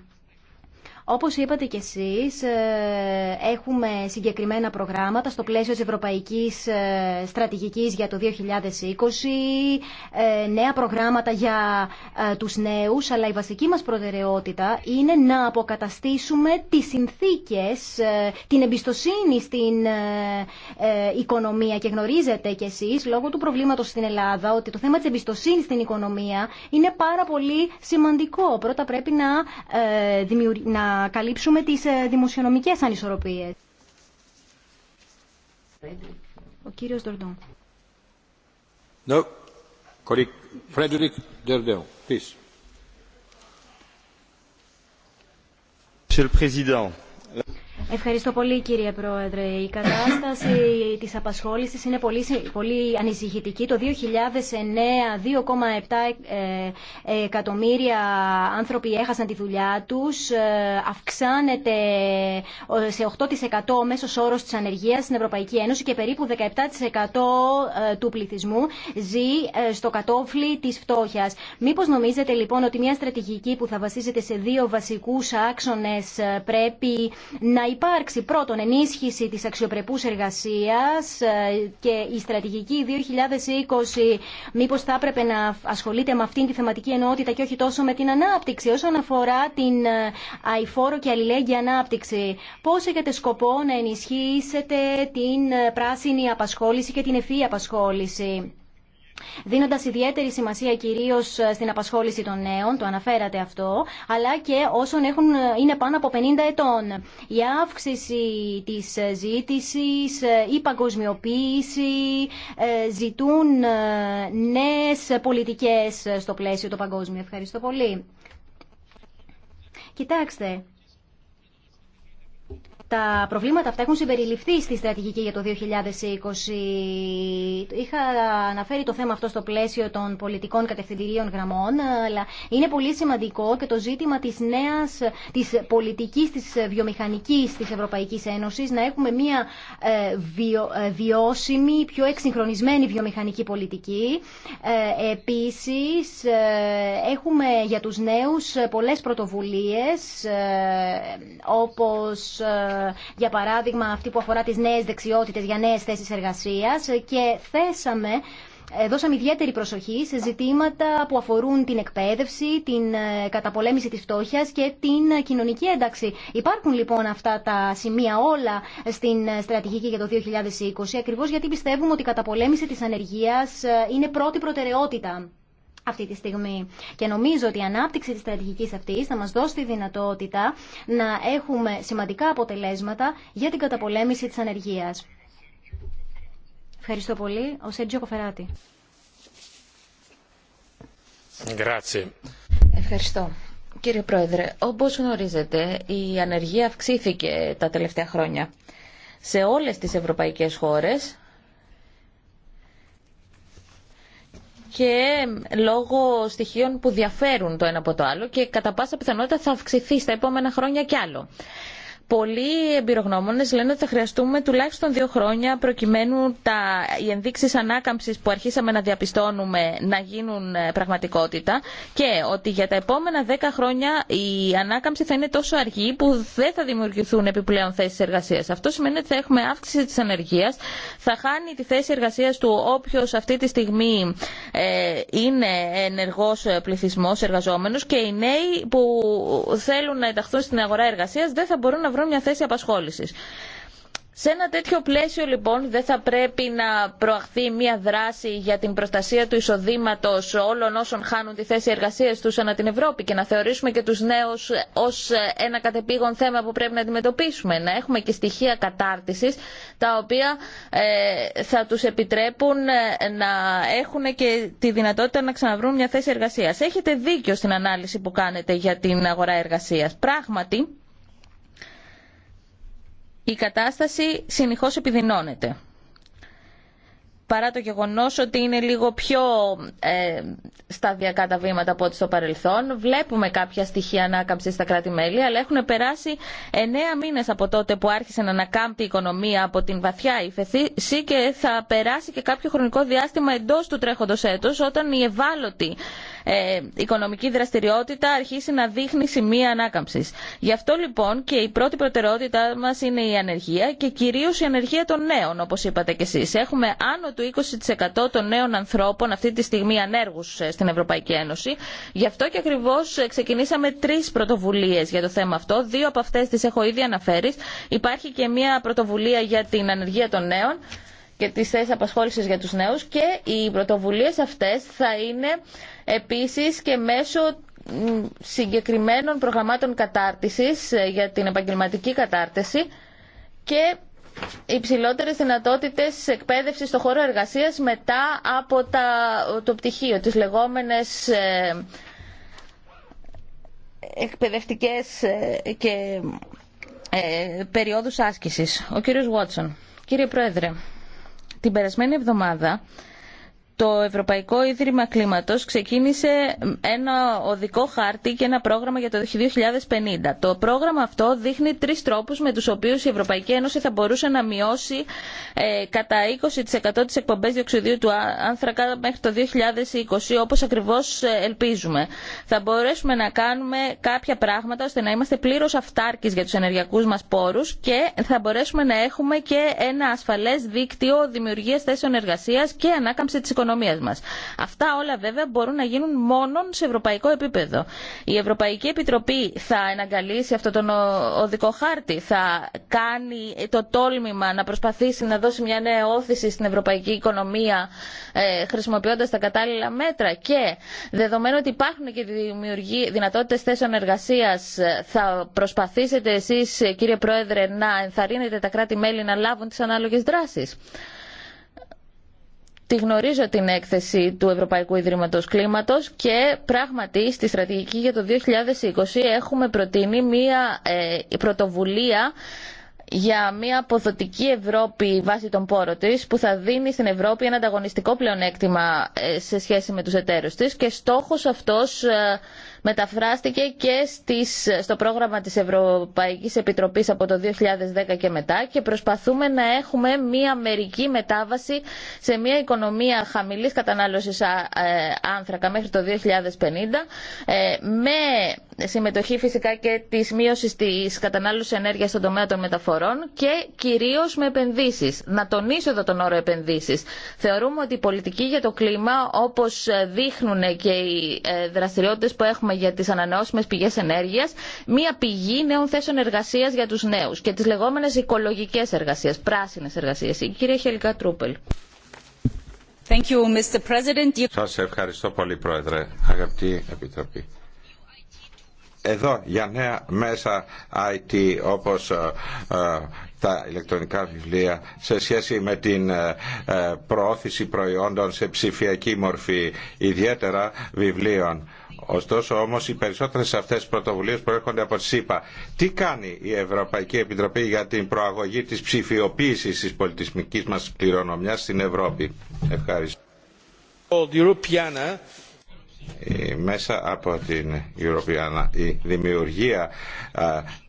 Όπως είπατε κι εσείς, ε, έχουμε συγκεκριμένα προγράμματα στο πλαίσιο της Ευρωπαϊκής ε, Στρατηγικής για το 2020, ε, νέα προγράμματα για τους νέους, αλλά η βασική μας προτεραιότητα είναι να αποκαταστήσουμε τις συνθήκες, την εμπιστοσύνη στην οικονομία και γνωρίζετε κι εσείς λόγω του προβλήματος στην Ελλάδα ότι το θέμα της εμπιστοσύνη στην οικονομία είναι πάρα πολύ σημαντικό. Πρώτα πρέπει να, να καλύψουμε τις ε, δημοσιονομικές ανισορροπίες. Ο κύριος Δορντών. No. Frederic Dordon, please. Monsieur le Président, Ευχαριστώ πολύ κύριε Πρόεδρε. Η κατάσταση της απασχόλησης είναι πολύ, πολύ ανησυχητική. Το 2009 2,7 ε, εκατομμύρια άνθρωποι έχασαν τη δουλειά τους. Ε, αυξάνεται σε 8% ο μέσος όρος της ανεργίας στην Ευρωπαϊκή Ένωση και περίπου 17% ε, του πληθυσμού ζει στο κατόφλι της φτώχειας. Μήπως νομίζετε λοιπόν ότι μια στρατηγική που θα βασίζεται σε δύο βασικούς άξονες πρέπει να υπάρξει πρώτον ενίσχυση της αξιοπρεπούς εργασίας ε, και η στρατηγική 2020 μήπως θα έπρεπε να ασχολείται με αυτήν τη θεματική ενότητα και όχι τόσο με την ανάπτυξη όσον αφορά την ε, αηφόρο και αλληλέγγυη ανάπτυξη. Πώς έχετε σκοπό να ενισχύσετε την ε, πράσινη απασχόληση και την ευφύη απασχόληση δίνοντας ιδιαίτερη σημασία κυρίω ε, στην απασχόληση των νέων, το αναφέρατε αυτό, αλλά και όσων έχουν, ε, είναι πάνω από 50 ετών. Η αύξηση της ε, ζήτησης, η παγκοσμιοποίηση ζητούν νέε πολιτικές στο πλαίσιο το παγκόσμιο. Ευχαριστώ πολύ. Κοιτάξτε, τα προβλήματα αυτά έχουν συμπεριληφθεί στη στρατηγική για το 2020. Είχα αναφέρει το θέμα αυτό στο πλαίσιο των πολιτικών κατευθυντηρίων γραμμών, αλλά είναι πολύ σημαντικό και το ζήτημα της νέας, της πολιτικής, της βιομηχανικής της Ευρωπαϊκής Ένωσης, να έχουμε μια ε, βιο, ε, βιώσιμη, πιο εξυγχρονισμένη βιομηχανική πολιτική. Ε, επίσης, έχουμε για τους νέους πολλές πρωτοβουλίες, όπως ε, για παράδειγμα αυτή που αφορά τις νέες δεξιότητες για νέες θέσεις εργασίας και θέσαμε ε, δώσαμε ιδιαίτερη προσοχή σε ζητήματα που αφορούν την εκπαίδευση, την ε, καταπολέμηση της φτώχειας και την κοινωνική ένταξη. Υπάρχουν λοιπόν αυτά τα σημεία όλα στην στρατηγική για το 2020, ακριβώς γιατί πιστεύουμε ότι η καταπολέμηση της ανεργίας είναι πρώτη προτεραιότητα αυτή τη στιγμή. Και νομίζω ότι η ανάπτυξη της στρατηγικής αυτής θα μας δώσει τη δυνατότητα να έχουμε σημαντικά αποτελέσματα για την καταπολέμηση της ανεργίας. Ευχαριστώ πολύ. Ο Σέντζιο Κοφεράτη. Ευχαριστώ. Κύριε Πρόεδρε, όπως γνωρίζετε, η ανεργία αυξήθηκε τα τελευταία χρόνια. Σε όλες τις ευρωπαϊκές χώρες, και λόγω στοιχείων που διαφέρουν το ένα από το άλλο και κατά πάσα πιθανότητα θα αυξηθεί στα επόμενα χρόνια κι άλλο. Πολλοί εμπειρογνώμονε λένε ότι θα χρειαστούμε τουλάχιστον δύο χρόνια προκειμένου τα, οι ενδείξει ανάκαμψης που αρχίσαμε να διαπιστώνουμε να γίνουν ε, πραγματικότητα και ότι για τα επόμενα δέκα χρόνια η ανάκαμψη θα είναι τόσο αργή που δεν θα δημιουργηθούν επιπλέον θέσεις εργασία. Αυτό σημαίνει ότι θα έχουμε αύξηση τη ανεργία, θα χάνει τη θέση εργασία του όποιο αυτή τη στιγμή ε, είναι ενεργό ε, πληθυσμό, εργαζόμενο, και οι νέοι που θέλουν να ενταχθούν στην αγορά εργασία. δεν θα μπορούν βρω μια θέση απασχόλησης. Σε ένα τέτοιο πλαίσιο λοιπόν δεν θα πρέπει να προαχθεί μια δράση για την προστασία του εισοδήματος όλων όσων χάνουν τη θέση εργασίας τους ανά την Ευρώπη και να θεωρήσουμε και τους νέους ως ένα κατεπήγον θέμα που πρέπει να αντιμετωπίσουμε. Να έχουμε και στοιχεία κατάρτισης τα οποία ε, θα τους επιτρέπουν ε, να έχουν και τη δυνατότητα να ξαναβρούν μια θέση εργασίας. Έχετε δίκιο στην ανάλυση που κάνετε για την αγορά εργασίας. Πράγματι, η κατάσταση συνεχώς επιδεινώνεται. Παρά το γεγονός ότι είναι λίγο πιο ε, σταδιακά τα βήματα από ό,τι στο παρελθόν, βλέπουμε κάποια στοιχεία ανάκαμψη στα κράτη-μέλη, αλλά έχουν περάσει εννέα μήνες από τότε που άρχισε να ανακάμπτει η οικονομία από την βαθιά ύφεση και θα περάσει και κάποιο χρονικό διάστημα εντός του τρέχοντος έτους, όταν οι ευάλωτοι ε, οικονομική δραστηριότητα αρχίσει να δείχνει σημεία ανάκαμψη. Γι' αυτό λοιπόν και η πρώτη προτεραιότητά μα είναι η ανεργία και κυρίω η ανεργία των νέων όπω είπατε κι εσεί. Έχουμε άνω του 20% των νέων ανθρώπων αυτή τη στιγμή ανέργου ε, στην Ευρωπαϊκή Ένωση. Γι' αυτό και ακριβώ ε, ξεκινήσαμε τρει πρωτοβουλίε για το θέμα αυτό. Δύο από αυτέ τι έχω ήδη αναφέρει. Υπάρχει και μια πρωτοβουλία για την ανεργία των νέων και τις θέσεις απασχόλησης για τους νέους και οι πρωτοβουλίες αυτές θα είναι επίσης και μέσω συγκεκριμένων προγραμμάτων κατάρτισης ε, για την επαγγελματική κατάρτιση και υψηλότερε δυνατότητε εκπαίδευση στον χώρο εργασίας μετά από τα, το πτυχίο, τι λεγόμενε εκπαιδευτικέ ε, και ε, περιόδους άσκησης. Ο κύριος Βότσον. Κύριε Πρόεδρε, την περασμένη εβδομάδα το Ευρωπαϊκό Ίδρυμα Κλίματος ξεκίνησε ένα οδικό χάρτη και ένα πρόγραμμα για το 2050. Το πρόγραμμα αυτό δείχνει τρεις τρόπους με τους οποίους η Ευρωπαϊκή Ένωση θα μπορούσε να μειώσει ε, κατά 20% τις εκπομπές διοξιδίου του άνθρακα μέχρι το 2020 όπως ακριβώς ε, ελπίζουμε. Θα μπορέσουμε να κάνουμε κάποια πράγματα ώστε να είμαστε πλήρως αυτάρκης για τους ενεργειακούς μας πόρους και θα μπορέσουμε να έχουμε και ένα ασφαλές δίκτυο δημιουργίας θέσεων εργασίας και ανάκαμψη της οικονομίας Αυτά όλα βέβαια μπορούν να γίνουν μόνο σε ευρωπαϊκό επίπεδο. Η Ευρωπαϊκή Επιτροπή θα εναγκαλίσει αυτό τον οδικό χάρτη, θα κάνει το τόλμημα να προσπαθήσει να δώσει μια νέα όθηση στην ευρωπαϊκή οικονομία ε, χρησιμοποιώντας τα κατάλληλα μέτρα και δεδομένου ότι υπάρχουν και δυνατότητε θέσεων εργασία, ε, θα προσπαθήσετε εσεί, ε, κύριε Πρόεδρε να ενθαρρύνετε τα κράτη-μέλη να λάβουν τι ανάλογε δράσει. Τη γνωρίζω την έκθεση του Ευρωπαϊκού Ιδρύματο Κλίματος και πράγματι στη στρατηγική για το 2020 έχουμε προτείνει μία ε, πρωτοβουλία για μια αποδοτική Ευρώπη βάσει των πόρων τη, που θα δίνει στην Ευρώπη ένα ανταγωνιστικό πλεονέκτημα ε, σε σχέση με τους εταίρους της και στόχος αυτός ε, μεταφράστηκε και στο πρόγραμμα της Ευρωπαϊκής Επιτροπής από το 2010 και μετά και προσπαθούμε να έχουμε μία μερική μετάβαση σε μία οικονομία χαμηλής κατανάλωσης ε, άνθρακα μέχρι το 2050 ε, με συμμετοχή φυσικά και τη μείωση τη κατανάλωση ενέργεια στον τομέα των μεταφορών και κυρίω με επενδύσει. Να τονίσω εδώ τον όρο επενδύσει. Θεωρούμε ότι η πολιτική για το κλίμα όπω δείχνουν και οι ε, δραστηριότητε που έχουμε για τι ανανεώσιμε πηγέ ενέργεια, μία πηγή νέων θέσεων εργασία για του νέου και τι λεγόμενε οικολογικέ εργασίες, πράσινε εργασίε. Η κυρία Χελικά Τρούπελ. Σα ευχαριστώ πολύ, Πρόεδρε, αγαπητή Επιτροπή εδώ για νέα μέσα IT όπως ε, ε, τα ηλεκτρονικά βιβλία σε σχέση με την ε, προώθηση προϊόντων σε ψηφιακή μορφή, ιδιαίτερα βιβλίων. Ωστόσο όμως οι περισσότερες αυτές πρωτοβουλίες προέρχονται από τη ΣΥΠΑ. Τι κάνει η Ευρωπαϊκή Επιτροπή για την προαγωγή της ψηφιοποίησης της πολιτισμικής μας κληρονομιάς στην Ευρώπη. Ευχαριστώ. Ε, μέσα από την ευρωπαϊκή η δημιουργία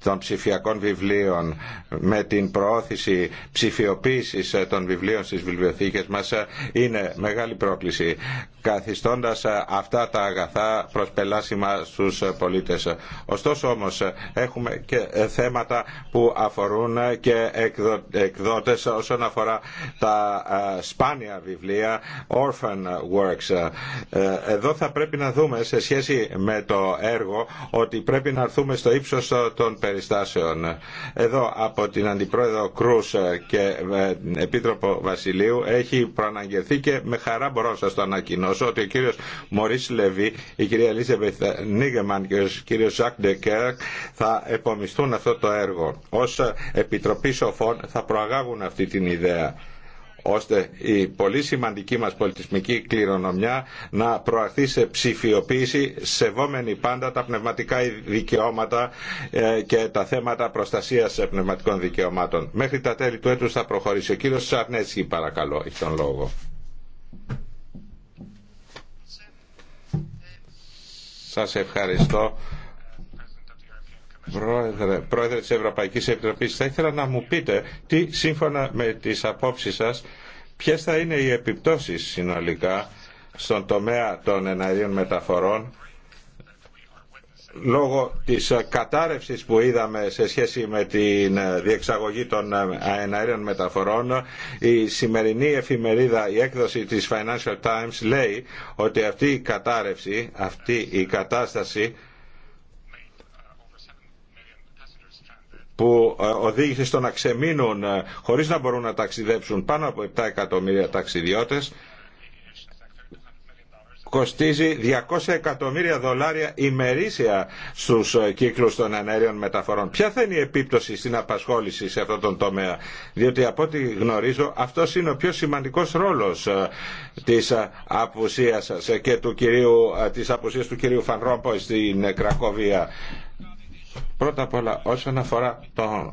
των ψηφιακών βιβλίων με την προώθηση ψηφιοποίησης ε, των βιβλίων στις βιβλιοθήκες μας ε, είναι μεγάλη πρόκληση καθιστώντας ε, αυτά τα αγαθά προσπελάσιμα στους ε, πολίτες. Ωστόσο όμως ε, έχουμε και θέματα που αφορούν και εκδότες όσον αφορά τα σπάνια βιβλία Orphan Works. Εδώ θα πρέπει να δούμε σε σχέση με το έργο ότι πρέπει να έρθουμε στο ύψος των περιστάσεων. Εδώ από την Αντιπρόεδρο Κρούς και Επίτροπο Βασιλείου έχει προαναγγελθεί και με χαρά μπορώ να σας το ανακοινώσω ότι ο κύριο Μωρίς Λεβί, η κυρία Ελίζεβεθ Νίγεμαν και ο κύριο Ζακ Ντεκέρκ θα επομιστούν αυτό το έργο. Ω Επιτροπή Σοφών θα προαγάγουν αυτή την ιδέα ώστε η πολύ σημαντική μας πολιτισμική κληρονομιά να προαρθεί σε ψηφιοποίηση σεβόμενη πάντα τα πνευματικά δικαιώματα ε, και τα θέματα προστασίας πνευματικών δικαιωμάτων. Μέχρι τα τέλη του έτους θα προχωρήσει. Ο κύριος Σαρνέτσι παρακαλώ, έχει τον λόγο. Σας ευχαριστώ. Πρόεδρε, πρόεδρε της Ευρωπαϊκής Επιτροπής, θα ήθελα να μου πείτε τι σύμφωνα με τις απόψεις σας, ποιες θα είναι οι επιπτώσεις συνολικά στον τομέα των εναερίων μεταφορών λόγω της ε, κατάρρευσης που είδαμε σε σχέση με την ε, διεξαγωγή των ε, αεναέριων μεταφορών η σημερινή εφημερίδα η έκδοση της Financial Times λέει ότι αυτή η κατάρρευση αυτή η κατάσταση που οδήγησε στο να ξεμείνουν χωρίς να μπορούν να ταξιδέψουν πάνω από 7 εκατομμύρια ταξιδιώτες κοστίζει 200 εκατομμύρια δολάρια ημερήσια στους ε, κύκλους των ενέργειων μεταφορών. Ποια θα είναι η επίπτωση στην απασχόληση σε αυτόν τον τομέα. Διότι από ό,τι γνωρίζω αυτό είναι ο πιο σημαντικός ρόλος ε, της ε, απουσίας σας και του κυρίου, της απουσίας του κυρίου Φανρόμπο στην Κρακοβία. Πρώτα απ' όλα όσον αφορά τον,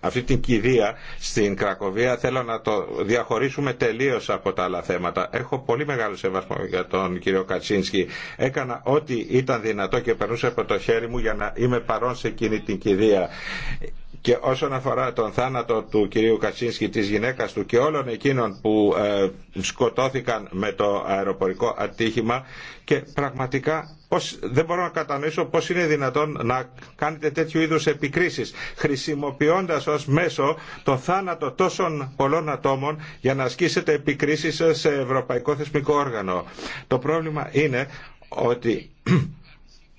αυτή την κηδεία στην Κρακοβία θέλω να το διαχωρίσουμε τελείως από τα άλλα θέματα. Έχω πολύ μεγάλο σεβασμό για τον κύριο Κατσίνσκι. Έκανα ό,τι ήταν δυνατό και περνούσε από το χέρι μου για να είμαι παρόν σε εκείνη την κηδεία και όσον αφορά τον θάνατο του κυρίου Κατσίνσκι, της γυναίκας του και όλων εκείνων που ε, σκοτώθηκαν με το αεροπορικό ατύχημα και πραγματικά δεν μπορώ να κατανοήσω πώς είναι δυνατόν να κάνετε τέτοιου είδους επικρίσεις χρησιμοποιώντας ως μέσο το θάνατο τόσων πολλών ατόμων για να ασκήσετε επικρίσεις σε ευρωπαϊκό θεσμικό όργανο. Το πρόβλημα είναι ότι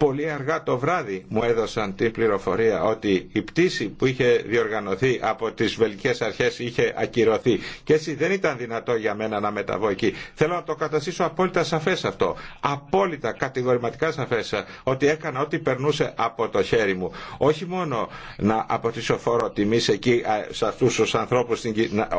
πολύ αργά το βράδυ μου έδωσαν την πληροφορία ότι η πτήση που είχε διοργανωθεί από τις βελικές αρχές είχε ακυρωθεί και έτσι δεν ήταν δυνατό για μένα να μεταβώ εκεί. Θέλω να το καταστήσω απόλυτα σαφές αυτό. Απόλυτα κατηγορηματικά σαφές ότι έκανα ό,τι περνούσε από το χέρι μου. Όχι μόνο να αποτίσω φόρο τιμή εκεί σε αυτούς τους ανθρώπους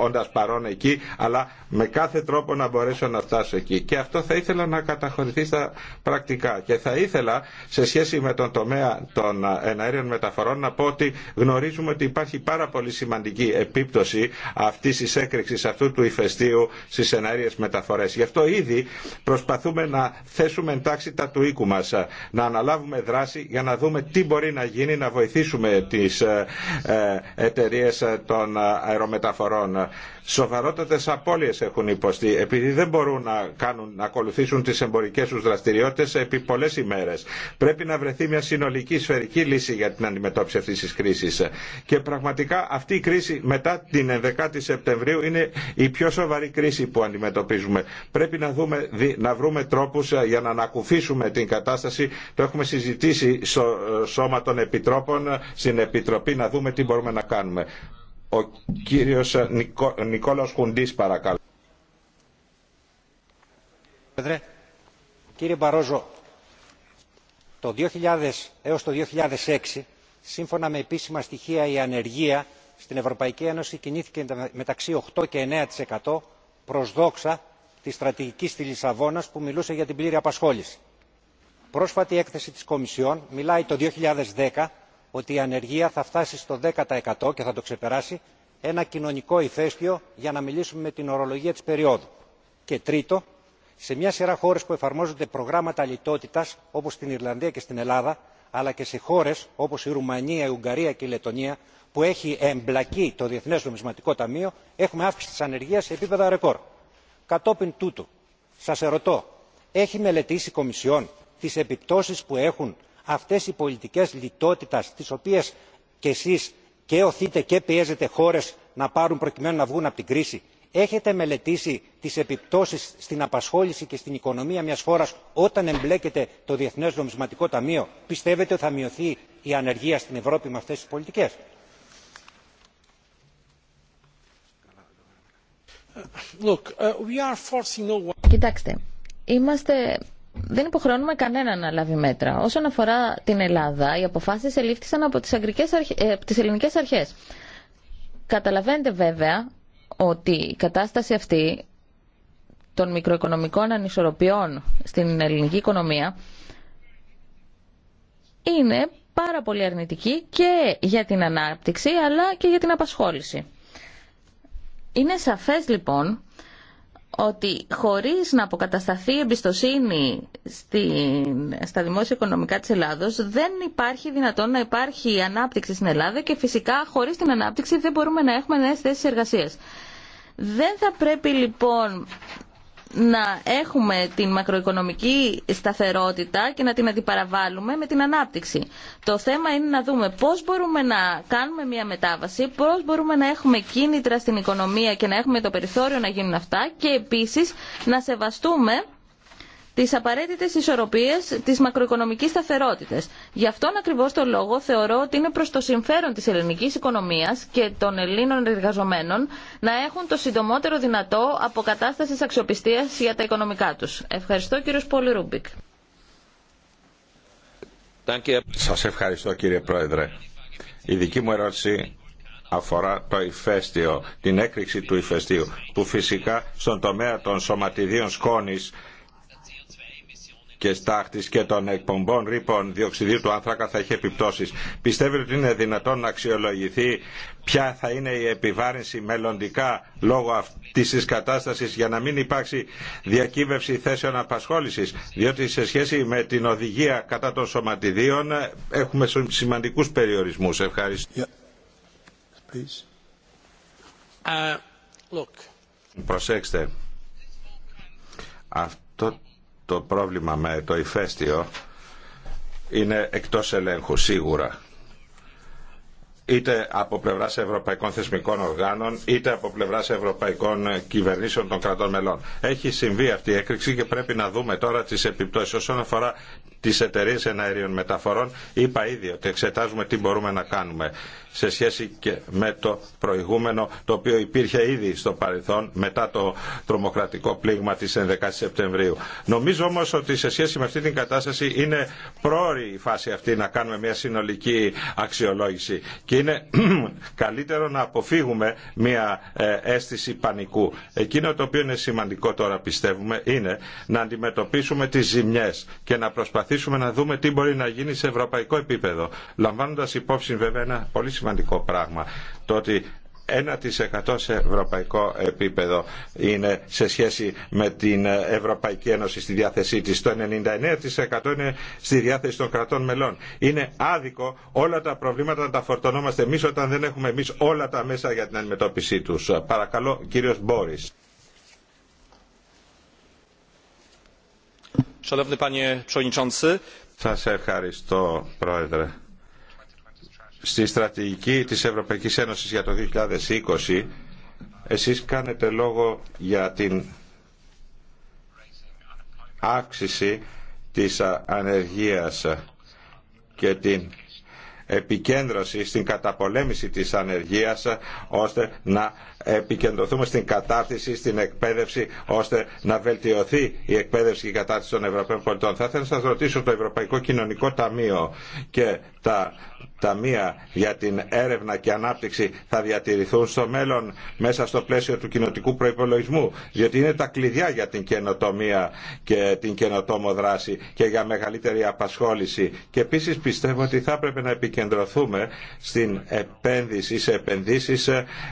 όντας παρόν εκεί αλλά με κάθε τρόπο να μπορέσω να φτάσω εκεί. Και αυτό θα ήθελα να καταχωρηθεί στα πρακτικά και θα ήθελα σε σχέση με τον τομέα των ε, εναέριων μεταφορών να πω ότι γνωρίζουμε ότι υπάρχει πάρα πολύ σημαντική επίπτωση αυτή τη έκρηξη αυτού του ηφαιστείου στι εναέριε μεταφορές. Γι' αυτό ήδη προσπαθούμε να θέσουμε εντάξει τα του οίκου ε, να αναλάβουμε δράση για να δούμε τι μπορεί να γίνει, να βοηθήσουμε τι ε, εταιρείε των αερομεταφορών. Σοβαρότατε απώλειε έχουν υποστεί επειδή δεν μπορούν να, κάνουν, να ακολουθήσουν τι εμπορικέ του δραστηριότητε επί πολλέ ημέρε. Πρέπει να βρεθεί μια συνολική σφαιρική λύση για την αντιμετώπιση αυτή τη κρίση. Και πραγματικά αυτή η κρίση μετά την 11η Σεπτεμβρίου είναι η πιο σοβαρή κρίση που αντιμετωπίζουμε. Πρέπει να, δούμε, να βρούμε τρόπου ε, για να ανακουφίσουμε την κατάσταση. Το έχουμε συζητήσει στο ε, Σώμα των Επιτρόπων, ε, στην Επιτροπή, να δούμε τι μπορούμε να κάνουμε. Ο κύριος Νικό, Νικόλαος Χουντής παρακαλώ. Κύριε Μπαρόζο, το 2000 έως το 2006, σύμφωνα με επίσημα στοιχεία, η ανεργία στην Ευρωπαϊκή Ένωση κινήθηκε μεταξύ 8 και 9% προς δόξα της στρατηγικής της Λισαβόνας που μιλούσε για την πλήρη απασχόληση. Πρόσφατη έκθεση της Κομισιόν μιλάει το 2010 ότι η ανεργία θα φτάσει στο 10% και θα το ξεπεράσει ένα κοινωνικό ηφαίστειο για να μιλήσουμε με την ορολογία της περίοδου. Και τρίτο, σε μια σειρά χώρες που εφαρμόζονται προγράμματα λιτότητας όπως στην Ιρλανδία και στην Ελλάδα αλλά και σε χώρες όπως η Ρουμανία, η Ουγγαρία και η Λετωνία που έχει εμπλακεί το Διεθνές Νομισματικό Ταμείο έχουμε αύξηση της ανεργίας σε επίπεδα ρεκόρ. Κατόπιν τούτου, σας ερωτώ, έχει μελετήσει η Κομισιόν τις επιπτώσεις που έχουν αυτές οι πολιτικές λιτότητας τις οποίες και εσείς και οθείτε και πιέζετε χώρες να πάρουν προκειμένου να βγουν από την κρίση έχετε μελετήσει τις επιπτώσεις στην απασχόληση και στην οικονομία μιας χώρας όταν εμπλέκεται το διεθνές νομισματικό ταμείο; πιστεύετε ότι θα μειωθεί η ανεργία στην ευρώπη με αυτές τις πολιτικές; uh, δεν υποχρεώνουμε κανέναν να λάβει μέτρα. Όσον αφορά την Ελλάδα, οι αποφάσει ελήφθησαν από τι ε, Καταλαβαίνετε βέβαια ότι η κατάσταση αυτή των μικροοικονομικών ανισορροπιών στην ελληνική οικονομία είναι πάρα πολύ αρνητική και για την ανάπτυξη αλλά και για την απασχόληση. Είναι σαφές λοιπόν ότι χωρίς να αποκατασταθεί η εμπιστοσύνη στην, στα δημόσια οικονομικά της Ελλάδος δεν υπάρχει δυνατόν να υπάρχει ανάπτυξη στην Ελλάδα και φυσικά χωρίς την ανάπτυξη δεν μπορούμε να έχουμε νέες θέσεις εργασίας. Δεν θα πρέπει λοιπόν να έχουμε την μακροοικονομική σταθερότητα και να την αντιπαραβάλλουμε με την ανάπτυξη. Το θέμα είναι να δούμε πώς μπορούμε να κάνουμε μια μετάβαση, πώς μπορούμε να έχουμε κίνητρα στην οικονομία και να έχουμε το περιθώριο να γίνουν αυτά και επίσης να σεβαστούμε τι απαραίτητε ισορροπίε τη μακροοικονομική σταθερότητα. Γι' αυτόν ακριβώ τον λόγο θεωρώ ότι είναι προ το συμφέρον τη ελληνική οικονομία και των Ελλήνων εργαζομένων να έχουν το συντομότερο δυνατό αποκατάσταση αξιοπιστία για τα οικονομικά του. Ευχαριστώ κύριο Πόλη Ρούμπικ. Σα ευχαριστώ κύριε Πρόεδρε. Η δική μου ερώτηση αφορά το ηφαίστειο, την έκρηξη του ηφαιστείου, που φυσικά στον τομέα των σωματιδίων σκόνης και στάχτη και των εκπομπών ρήπων διοξιδίου του άνθρακα θα έχει επιπτώσεις. Πιστεύετε ότι είναι δυνατόν να αξιολογηθεί ποια θα είναι η επιβάρυνση μελλοντικά λόγω αυτής της κατάστασης για να μην υπάρξει διακύβευση θέσεων απασχόλησης διότι σε σχέση με την οδηγία κατά των σωματιδίων έχουμε σημαντικού περιορισμού. Ευχαριστώ. Uh, Προσέξτε. Αυτό το πρόβλημα με το ηφαίστειο είναι εκτός ελέγχου σίγουρα είτε από πλευράς ευρωπαϊκών θεσμικών οργάνων, είτε από πλευράς ευρωπαϊκών κυβερνήσεων των κρατών μελών. Έχει συμβεί αυτή η έκρηξη και πρέπει να δούμε τώρα τι επιπτώσει. Όσον αφορά τι εταιρείες εναερίων μεταφορών, είπα ήδη ότι εξετάζουμε τι μπορούμε να κάνουμε σε σχέση και με το προηγούμενο το οποίο υπήρχε ήδη στο παρελθόν μετά το τρομοκρατικό πλήγμα της 11 Σεπτεμβρίου. Νομίζω όμως ότι σε σχέση με αυτή την κατάσταση είναι πρόορη η φάση αυτή να κάνουμε μια συνολική αξιολόγηση και είναι καλύτερο να αποφύγουμε μια ε, αίσθηση πανικού. Εκείνο το οποίο είναι σημαντικό τώρα πιστεύουμε είναι να αντιμετωπίσουμε τις ζημιές και να προσπαθήσουμε να δούμε τι μπορεί να γίνει σε ευρωπαϊκό επίπεδο λαμβάνοντας υπόψη βέβαια ένα πολύ σημαντικό πράγμα. Το ότι 1% σε ευρωπαϊκό επίπεδο είναι σε σχέση με την Ευρωπαϊκή Ένωση στη διάθεσή της. Το 99% είναι στη διάθεση των κρατών μελών. Είναι άδικο όλα τα προβλήματα να τα φορτωνόμαστε εμείς όταν δεν έχουμε εμείς όλα τα μέσα για την αντιμετώπιση τους. Παρακαλώ, κύριος Μπόρις. Σας ευχαριστώ, Πρόεδρε στη στρατηγική της Ευρωπαϊκής Ένωσης για το 2020 εσείς κάνετε λόγο για την αύξηση της ανεργίας και την επικέντρωση στην καταπολέμηση της ανεργίας ώστε να επικεντρωθούμε στην κατάρτιση, στην εκπαίδευση, ώστε να βελτιωθεί η εκπαίδευση και η κατάρτιση των Ευρωπαίων πολιτών. Θα ήθελα να σα ρωτήσω το Ευρωπαϊκό Κοινωνικό Ταμείο και τα ταμεία για την έρευνα και ανάπτυξη θα διατηρηθούν στο μέλλον μέσα στο πλαίσιο του κοινοτικού προπολογισμού, διότι είναι τα κλειδιά για την καινοτομία και την καινοτόμο δράση και για μεγαλύτερη απασχόληση. Και επίση πιστεύω ότι θα έπρεπε να επικεντρωθούμε στην επένδυση, σε επενδύσει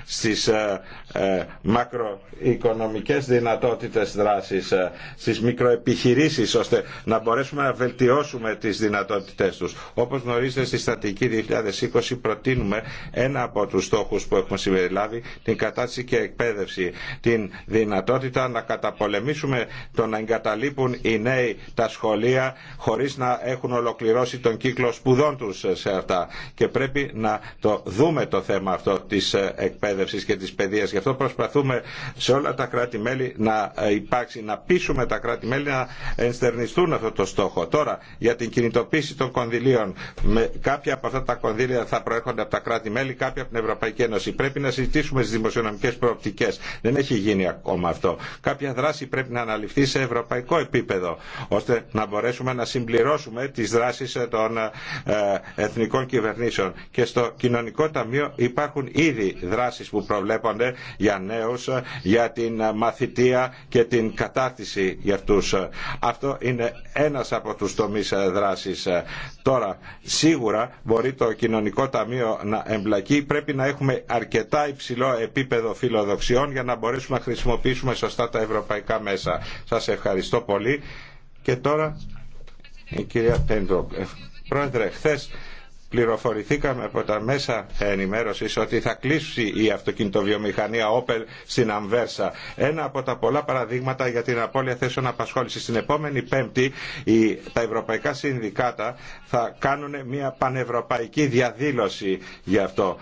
στι ε, ε, μακροοικονομικές δυνατότητες δράσης ε, στις μικροεπιχειρήσεις ώστε να μπορέσουμε να βελτιώσουμε τις δυνατότητες τους. Όπως γνωρίζετε στη στατική 2020 προτείνουμε ένα από τους στόχους που έχουμε συμπεριλάβει την κατάσταση και εκπαίδευση την δυνατότητα να καταπολεμήσουμε το να εγκαταλείπουν οι νέοι τα σχολεία χωρίς να έχουν ολοκληρώσει τον κύκλο σπουδών τους σε αυτά και πρέπει να το δούμε το θέμα αυτό της ε, εκπαίδευσης και της παιδιάς Γι' αυτό προσπαθούμε σε όλα τα κράτη-μέλη να ε, υπάρξει, να πείσουμε τα κράτη-μέλη να ενστερνιστούν αυτό το στόχο. Τώρα, για την κινητοποίηση των κονδυλίων, με κάποια από αυτά τα κονδύλια θα προέρχονται από τα κράτη-μέλη, κάποια από την Ευρωπαϊκή Ένωση. Πρέπει να συζητήσουμε τι δημοσιονομικέ προοπτικέ. Δεν έχει γίνει ακόμα αυτό. Κάποια δράση πρέπει να αναλυφθεί σε ευρωπαϊκό επίπεδο, ώστε να μπορέσουμε να συμπληρώσουμε τι δράσει ε, των ε, εθνικών κυβερνήσεων. Και στο κοινωνικό ταμείο υπάρχουν ήδη δράσει που προβλέπονται για νέους, για την μαθητεία και την κατάρτιση για αυτούς. Αυτό είναι ένας από τους τομείς δράσης. Τώρα, σίγουρα μπορεί το κοινωνικό ταμείο να εμπλακεί. Πρέπει να έχουμε αρκετά υψηλό επίπεδο φιλοδοξιών για να μπορέσουμε να χρησιμοποιήσουμε σωστά τα ευρωπαϊκά μέσα. Σας ευχαριστώ πολύ. Και τώρα η κυρία ε, Πρόεδρε, πληροφορηθήκαμε από τα μέσα ενημέρωσης ότι θα κλείσει η αυτοκινητοβιομηχανία Opel στην Αμβέρσα. Ένα από τα πολλά παραδείγματα για την απώλεια θέσεων απασχόλησης. Στην επόμενη Πέμπτη η, τα ευρωπαϊκά συνδικάτα θα κάνουν μια πανευρωπαϊκή διαδήλωση γι' αυτό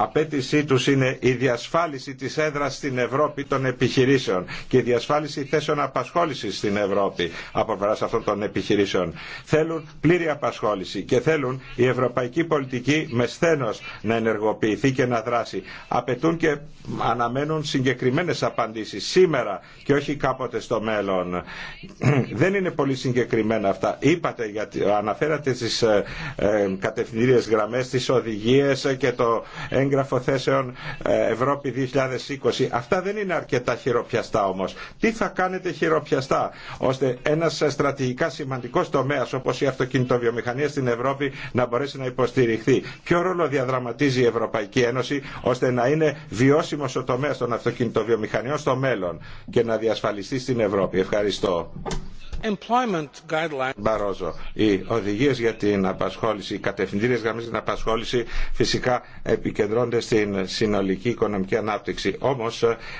απέτησή τους είναι η διασφάλιση της έδρας στην Ευρώπη των επιχειρήσεων και η διασφάλιση θέσεων απασχόλησης στην Ευρώπη από βράση αυτών των επιχειρήσεων. Θέλουν πλήρη απασχόληση και θέλουν η ευρωπαϊκή πολιτική με σθένος να ενεργοποιηθεί και να δράσει. Απαιτούν και αναμένουν συγκεκριμένες απαντήσεις σήμερα και όχι κάποτε στο μέλλον. Δεν είναι πολύ συγκεκριμένα αυτά. Είπατε, γιατί αναφέρατε τις ε, ε, κατευθυντήριες γραμμές, τις οδηγίες και το έγγραφο θέσεων ε, Ευρώπη 2020. Αυτά δεν είναι αρκετά χειροπιαστά όμω. Τι θα κάνετε χειροπιαστά ώστε ένα στρατηγικά σημαντικό τομέα όπω η αυτοκινητοβιομηχανία στην Ευρώπη να μπορέσει να υποστηριχθεί. Ποιο ρόλο διαδραματίζει η Ευρωπαϊκή Ένωση ώστε να είναι βιώσιμο ο τομέα των αυτοκινητοβιομηχανιών στο μέλλον και να διασφαλιστεί στην Ευρώπη. Ευχαριστώ. Μπαρόζο, οι οδηγίε για την απασχόληση, οι κατευθυντήριε γραμμέ για την απασχόληση φυσικά επικεντρώνται στην συνολική οικονομική ανάπτυξη. Όμω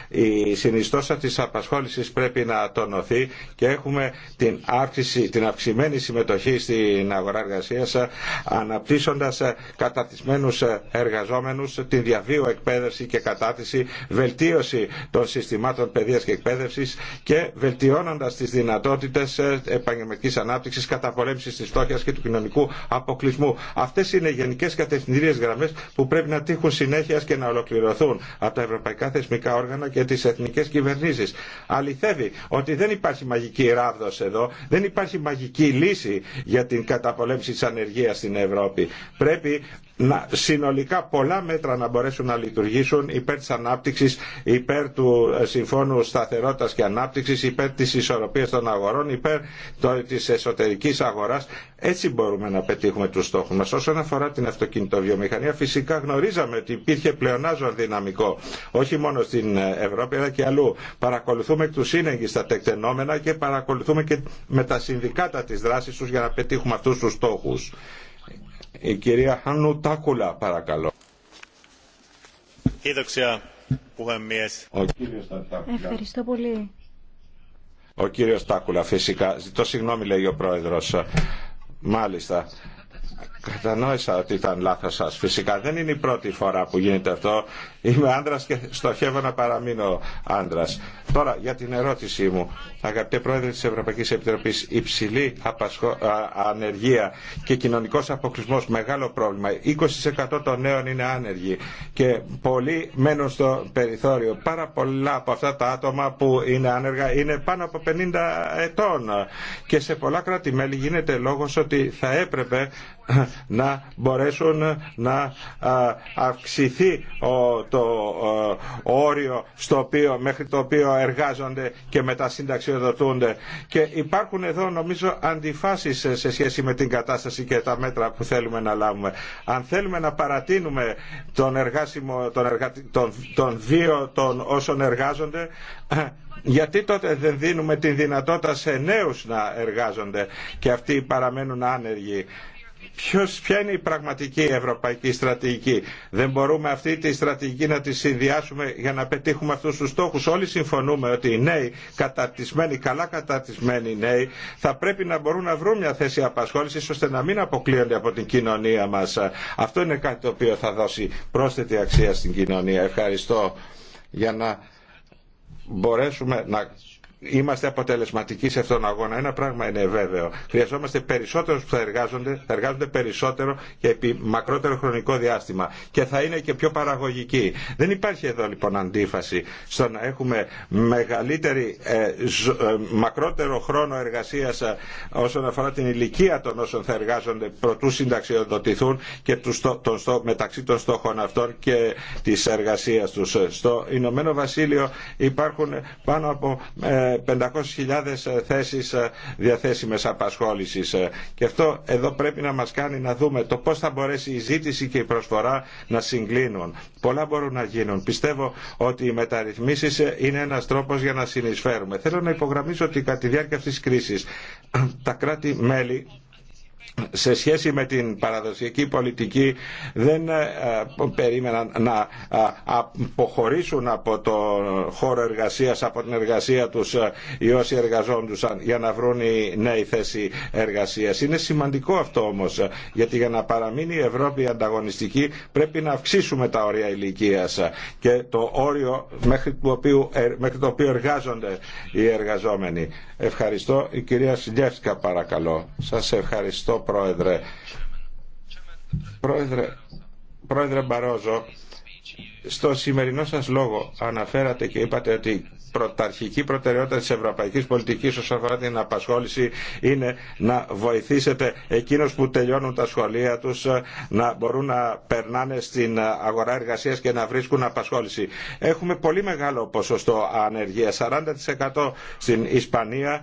η συνιστόσα τη απασχόληση πρέπει να τονωθεί και έχουμε την, αύξηση, την αυξημένη συμμετοχή στην αγορά εργασία αναπτύσσοντα καταρτισμένου εργαζόμενου την διαβίου εκπαίδευση και κατάρτιση, βελτίωση των συστημάτων παιδεία και εκπαίδευση και βελτιώνοντα τι δυνατότητε ε, επαγγελματική ανάπτυξη, καταπολέμησης τη φτώχεια και του κοινωνικού αποκλεισμού. Αυτέ είναι οι γενικέ κατευθυντήριε γραμμέ που πρέπει να τύχουν συνέχεια και να ολοκληρωθούν από τα ευρωπαϊκά θεσμικά όργανα και τι εθνικέ κυβερνήσει. Αληθεύει ότι δεν υπάρχει μαγική ράβδο εδώ, δεν υπάρχει μαγική λύση για την καταπολέμηση τη ανεργία στην Ευρώπη. Πρέπει να, συνολικά πολλά μέτρα να μπορέσουν να λειτουργήσουν υπέρ της ανάπτυξης, υπέρ του ε, Συμφώνου Σταθερότητας και Ανάπτυξης, υπέρ της ισορροπίας των αγορών, υπέρ τη της εσωτερικής αγοράς. Έτσι μπορούμε να πετύχουμε τους στόχους μας. Όσον αφορά την αυτοκινητοβιομηχανία, φυσικά γνωρίζαμε ότι υπήρχε πλεονάζον δυναμικό, όχι μόνο στην ε, Ευρώπη αλλά και αλλού. Παρακολουθούμε του σύνεγγυ στα τεκτενόμενα και παρακολουθούμε και με τα συνδικάτα τι δράσει του για να πετύχουμε αυτού του στόχου. Η ε, κυρία Χάνου Τάκουλα, παρακαλώ. Ευχαριστώ πολύ. Ο κύριος Τάκουλα, φυσικά. Ζητώ συγγνώμη, λέει ο πρόεδρος. Μάλιστα. Κατανόησα ότι ήταν λάθος σας. Φυσικά δεν είναι η πρώτη φορά που γίνεται αυτό. Είμαι άντρας και στοχεύω να παραμείνω άντρας. Τώρα για την ερώτησή μου. Αγαπητέ Πρόεδρε της Ευρωπαϊκής Επιτροπής, υψηλή απασχο... ανεργία και κοινωνικός αποκλεισμός, μεγάλο πρόβλημα. 20% των νέων είναι άνεργοι και πολλοί μένουν στο περιθώριο. Πάρα πολλά από αυτά τα άτομα που είναι άνεργα είναι πάνω από 50 ετών και σε πολλά κράτη-μέλη γίνεται λόγος ότι θα έπρεπε να μπορέσουν να αυξηθεί το όριο στο οποίο, μέχρι το οποίο εργάζονται και μετά συνταξιοδοτούνται. Και υπάρχουν εδώ νομίζω αντιφάσεις σε σχέση με την κατάσταση και τα μέτρα που θέλουμε να λάβουμε. Αν θέλουμε να παρατείνουμε τον, εργάσιμο, τον, τον, τον βίο των όσων εργάζονται, γιατί τότε δεν δίνουμε τη δυνατότητα σε νέους να εργάζονται και αυτοί παραμένουν άνεργοι ποια είναι η πραγματική ευρωπαϊκή στρατηγική. Δεν μπορούμε αυτή τη στρατηγική να τη συνδυάσουμε για να πετύχουμε αυτούς τους στόχους. Όλοι συμφωνούμε ότι οι νέοι, καταρτισμένοι, καλά καταρτισμένοι νέοι, θα πρέπει να μπορούν να βρουν μια θέση απασχόλησης ώστε να μην αποκλείονται από την κοινωνία μας. Αυτό είναι κάτι το οποίο θα δώσει πρόσθετη αξία στην κοινωνία. Ευχαριστώ για να μπορέσουμε να είμαστε αποτελεσματικοί σε αυτόν τον αγώνα. Ένα πράγμα είναι βέβαιο. Χρειαζόμαστε περισσότερου που θα εργάζονται, θα εργάζονται περισσότερο και επί μακρότερο χρονικό διάστημα και θα είναι και πιο παραγωγικοί. Δεν υπάρχει εδώ λοιπόν αντίφαση στο να έχουμε μεγαλύτερη, ε, ε, μακρότερο χρόνο εργασίας ε, όσον αφορά την ηλικία των όσων θα εργάζονται προτού συνταξιοδοτηθούν και μεταξύ των στόχων αυτών και τη εργασία του. Στο Ηνωμένο Βασίλειο υπάρχουν πάνω από 500.000 ε, θέσεις ε, διαθέσιμες απασχόλησης. Ε. Και αυτό εδώ πρέπει να μας κάνει να δούμε το πώς θα μπορέσει η ζήτηση και η προσφορά να συγκλίνουν. Πολλά μπορούν να γίνουν. Πιστεύω ότι οι μεταρρυθμίσεις είναι ένας τρόπος για να συνεισφέρουμε. Θέλω να υπογραμμίσω ότι κατά τη διάρκεια αυτής της κρίσης τα κράτη-μέλη σε σχέση με την παραδοσιακή πολιτική δεν ε, περίμεναν να ε, αποχωρήσουν από το χώρο εργασίας, από την εργασία τους ε, οι όσοι εργαζόντουσαν για να βρουν οι νέοι θέση εργασίας. Είναι σημαντικό αυτό όμως γιατί για να παραμείνει η Ευρώπη ανταγωνιστική πρέπει να αυξήσουμε τα όρια ηλικία και το όριο μέχρι το, οποίο, το οποίο εργάζονται οι εργαζόμενοι. Ευχαριστώ. Η κυρία Σιλιάσκα παρακαλώ. Σας ευχαριστώ Πρόεδρε. Πρόεδρε, Πρόεδρε Μπαρόζο, στο σημερινό σας λόγο αναφέρατε και είπατε ότι πρωταρχική προτεραιότητα της ευρωπαϊκής πολιτικής όσον αφορά την απασχόληση είναι να βοηθήσετε εκείνους που τελειώνουν τα σχολεία τους ε, να μπορούν να περνάνε στην ε, αγορά εργασίας και να βρίσκουν απασχόληση. Έχουμε πολύ μεγάλο ποσοστό ανεργία, 40% στην Ισπανία,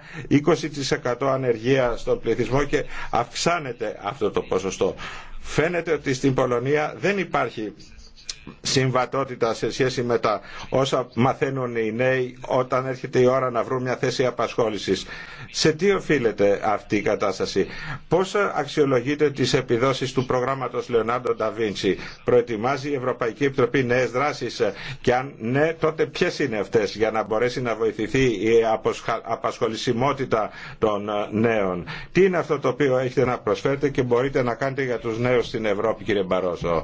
20% ανεργία στον πληθυσμό και αυξάνεται αυτό το ποσοστό. Φαίνεται ότι στην Πολωνία δεν υπάρχει συμβατότητα σε σχέση με τα όσα μαθαίνουν οι νέοι όταν έρχεται η ώρα να βρουν μια θέση απασχόλησης. Σε τι οφείλεται αυτή η κατάσταση. Πώς αξιολογείται τις επιδόσεις του προγράμματος Λεωνάντο Νταβίντσι. Προετοιμάζει η Ευρωπαϊκή Επιτροπή νέες δράσεις και αν ναι τότε ποιε είναι αυτές για να μπορέσει να βοηθηθεί η απασχολησιμότητα των νέων. Τι είναι αυτό το οποίο έχετε να προσφέρετε και μπορείτε να κάνετε για τους νέους στην Ευρώπη κύριε Μπαρόζο.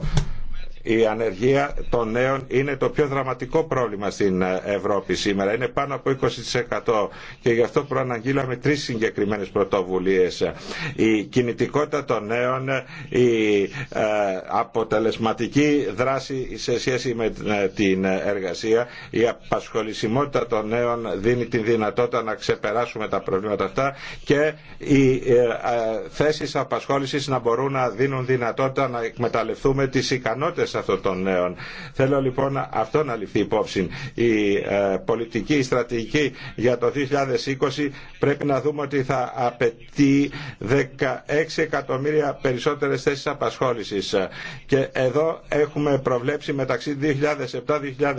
Η ανεργία των νέων είναι το πιο δραματικό πρόβλημα στην ε, Ευρώπη σήμερα. Είναι πάνω από 20% και γι' αυτό προαναγγείλαμε τρει συγκεκριμένες πρωτοβουλίες. Η κινητικότητα των νέων, η ε, αποτελεσματική δράση σε σχέση με ε, την εργασία, η απασχολησιμότητα των νέων δίνει τη δυνατότητα να ξεπεράσουμε τα προβλήματα αυτά και οι θέσει απασχόληση να μπορούν να δίνουν δυνατότητα να εκμεταλλευτούμε τι ικανότητε αυτών των νέων. Θέλω λοιπόν αυτό να ληφθεί υπόψη. Η ε, πολιτική, η στρατηγική για το 2020 πρέπει να δούμε ότι θα απαιτεί 16 εκατομμύρια περισσότερες θέσεις απασχόλησης. Και εδώ έχουμε προβλέψει μεταξύ 2007-2013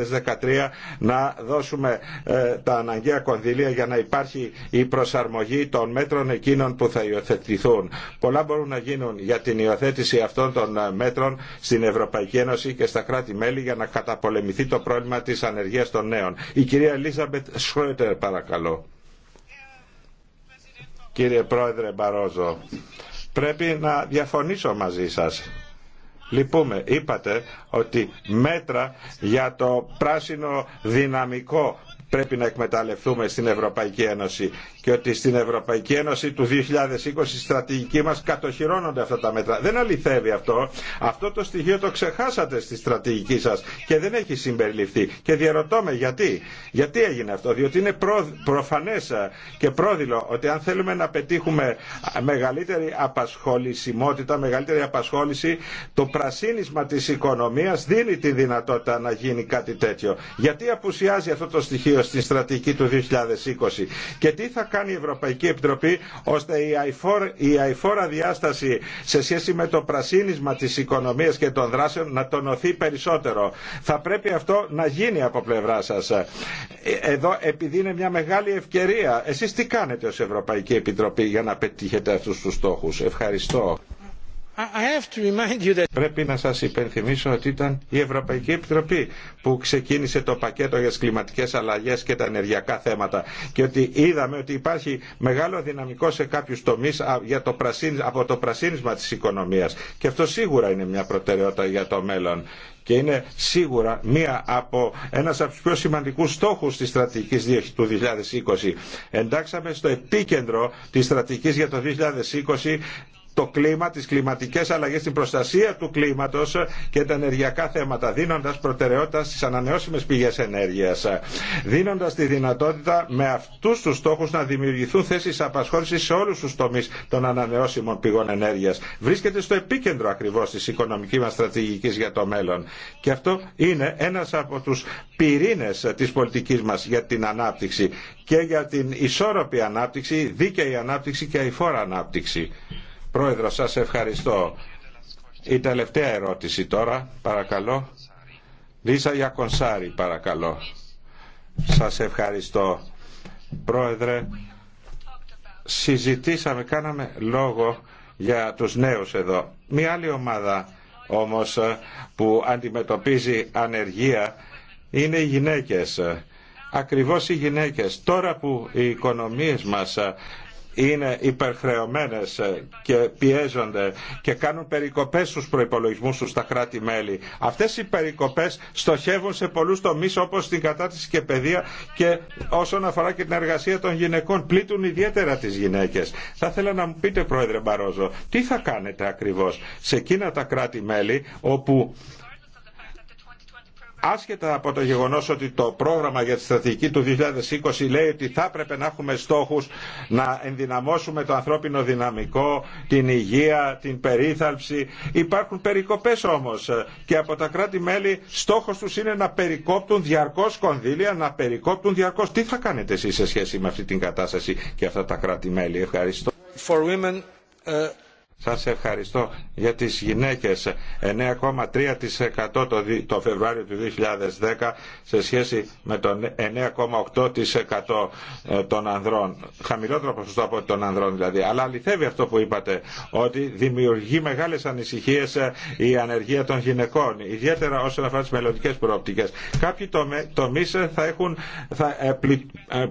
να δώσουμε ε, τα αναγκαία κονδυλία για να υπάρχει η προσαρμογή των μέτρων εκείνων που θα υιοθετηθούν. Πολλά μπορούν να γίνουν για την υιοθέτηση αυτών των ε, μέτρων στην Ευρωπαϊκή Ένωση και στα κράτη-μέλη για να καταπολεμηθεί το πρόβλημα της ανεργίας των νέων. Η κυρία Ελίζαμπετ Σρόιτερ παρακαλώ. Κύριε Πρόεδρε Μπαρόζο, πρέπει να διαφωνήσω μαζί σας. Λυπούμε, είπατε ότι μέτρα για το πράσινο δυναμικό πρέπει να εκμεταλλευτούμε στην Ευρωπαϊκή Ένωση και ότι στην Ευρωπαϊκή Ένωση του 2020 η στρατηγική μας κατοχυρώνονται αυτά τα μέτρα. Δεν αληθεύει αυτό. Αυτό το στοιχείο το ξεχάσατε στη στρατηγική σας και δεν έχει συμπεριληφθεί. Και διαρωτώ με γιατί. Γιατί έγινε αυτό. Διότι είναι προ... και πρόδειλο ότι αν θέλουμε να πετύχουμε μεγαλύτερη απασχολησιμότητα, μεγαλύτερη απασχόληση, το πρασίνισμα της οικονομίας δίνει τη δυνατότητα να γίνει κάτι τέτοιο. Γιατί απουσιάζει αυτό το στοιχείο στη στην στρατηγική του 2020 και τι θα κάνει η Ευρωπαϊκή Επιτροπή ώστε η, αϊφόρα διάσταση σε σχέση με το πρασίνισμα της οικονομίας και των δράσεων να τονωθεί περισσότερο. Θα πρέπει αυτό να γίνει από πλευρά σας. Εδώ επειδή είναι μια μεγάλη ευκαιρία, εσείς τι κάνετε ως Ευρωπαϊκή Επιτροπή για να πετύχετε αυτούς τους στόχους. Ευχαριστώ. Πρέπει να σας υπενθυμίσω ότι ήταν η Ευρωπαϊκή Επιτροπή που ξεκίνησε το πακέτο για τις κλιματικές αλλαγές και τα ενεργειακά θέματα και ότι είδαμε ότι υπάρχει μεγάλο δυναμικό σε κάποιους τομείς για το από το πρασίνισμα της οικονομίας και αυτό σίγουρα είναι μια προτεραιότητα για το μέλλον και είναι σίγουρα μία από, ένας από τους πιο σημαντικούς στόχους της στρατηγικής του 2020. Εντάξαμε στο επίκεντρο της στρατηγικής για το 2020 το κλίμα, τις κλιματικές αλλαγές, την προστασία του κλίματος και τα ενεργειακά θέματα, δίνοντας προτεραιότητα στις ανανεώσιμες πηγές ενέργειας, δίνοντας τη δυνατότητα με αυτούς τους στόχους να δημιουργηθούν θέσεις απασχόλησης σε όλους τους τομείς των ανανεώσιμων πηγών ενέργειας. Βρίσκεται στο επίκεντρο ακριβώς της οικονομικής μας στρατηγικής για το μέλλον. Και αυτό είναι ένας από τους πυρήνες της πολιτικής μας για την ανάπτυξη και για την ισόρροπη ανάπτυξη, δίκαιη ανάπτυξη και αηφόρα ανάπτυξη. Πρόεδρο, σας ευχαριστώ. Η τελευταία ερώτηση τώρα, παρακαλώ. Λίσα Γιακονσάρη, παρακαλώ. Σας ευχαριστώ. Πρόεδρε, συζητήσαμε, κάναμε λόγο για τους νέους εδώ. Μία άλλη ομάδα όμως που αντιμετωπίζει ανεργία είναι οι γυναίκες. Ακριβώς οι γυναίκες. Τώρα που οι οικονομίες μας είναι υπερχρεωμένες και πιέζονται και κάνουν περικοπές στους προϋπολογισμούς τους στα κράτη-μέλη. Αυτές οι περικοπές στοχεύουν σε πολλούς τομείς όπως την κατάρτιση και παιδεία και όσον αφορά και την εργασία των γυναικών πλήττουν ιδιαίτερα τις γυναίκες. Θα ήθελα να μου πείτε Πρόεδρε Μπαρόζο, τι θα κάνετε ακριβώς σε εκείνα τα κράτη-μέλη όπου άσχετα από το γεγονός ότι το πρόγραμμα για τη στρατηγική του 2020 λέει ότι θα έπρεπε να έχουμε στόχους να ενδυναμώσουμε το ανθρώπινο δυναμικό, την υγεία, την περίθαλψη. Υπάρχουν περικοπές όμως και από τα κράτη-μέλη στόχος τους είναι να περικόπτουν διαρκώς κονδύλια, να περικόπτουν διαρκώς. Τι θα κάνετε εσείς σε σχέση με αυτή την κατάσταση και αυτά τα κράτη-μέλη. Ευχαριστώ. Uh, σας ευχαριστώ για τις γυναίκες. 9,3% το Φεβρουάριο του 2010 σε σχέση με τον 9,8% ε, των ανδρών. Χαμηλότερο ποσοστό από των ανδρών δηλαδή. Αλλά αληθεύει αυτό που είπατε ότι δημιουργεί μεγάλες ανησυχίες ε, η ανεργία των γυναικών. Ιδιαίτερα όσον αφορά τις μελλοντικές προοπτικές. Κάποιοι τομείς ε, θα, έχουν, θα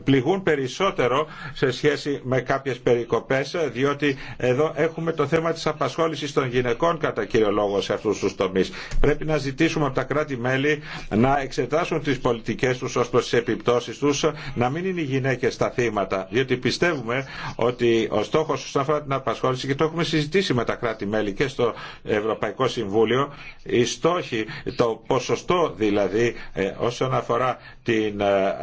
πληγούν περισσότερο σε σχέση με κάποιες περικοπές διότι εδώ έχουμε το θέμα θέμα της απασχόλησης των γυναικών κατά κύριο λόγο σε αυτούς τους τομείς. Πρέπει να ζητήσουμε από τα κράτη-μέλη να εξετάσουν τις πολιτικές τους ως προς τις επιπτώσεις τους, να μην είναι οι γυναίκες τα θύματα, διότι πιστεύουμε ότι ο στόχος όσον αφορά την απασχόληση και το έχουμε συζητήσει με τα κράτη-μέλη και στο Ευρωπαϊκό Συμβούλιο, οι στόχοι, το ποσοστό δηλαδή ε, όσον αφορά την ε,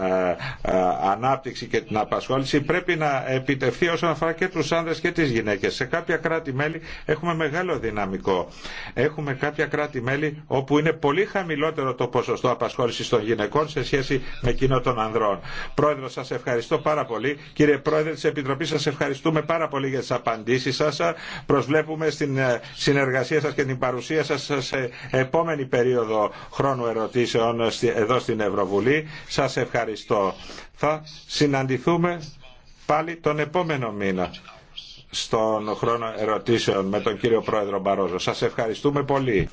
ε, ε, ανάπτυξη και την απασχόληση πρέπει να επιτευχθεί όσον αφορά και τους άνδρες και τις γυναίκες. Σε κάποια κράτη-μέλη έχουμε μεγάλο δυναμικό. Έχουμε κάποια κράτη-μέλη όπου είναι πολύ χαμηλότερο το ποσοστό απασχόλησης των γυναικών σε σχέση με εκείνο των ανδρών. Πρόεδρο, σας ευχαριστώ πάρα πολύ. Κύριε Πρόεδρε της Επιτροπής, σας ευχαριστούμε πάρα πολύ για τις απαντήσεις σας. Προσβλέπουμε στην συνεργασία σας και την παρουσία σας σε επόμενη περίοδο χρόνου ερωτήσεων εδώ στην Ευρωβουλή σας ευχαριστώ. Θα συναντηθούμε πάλι τον επόμενο μήνα στον χρόνο ερωτήσεων με τον κύριο Πρόεδρο Μπαρόζο. Σας ευχαριστούμε πολύ.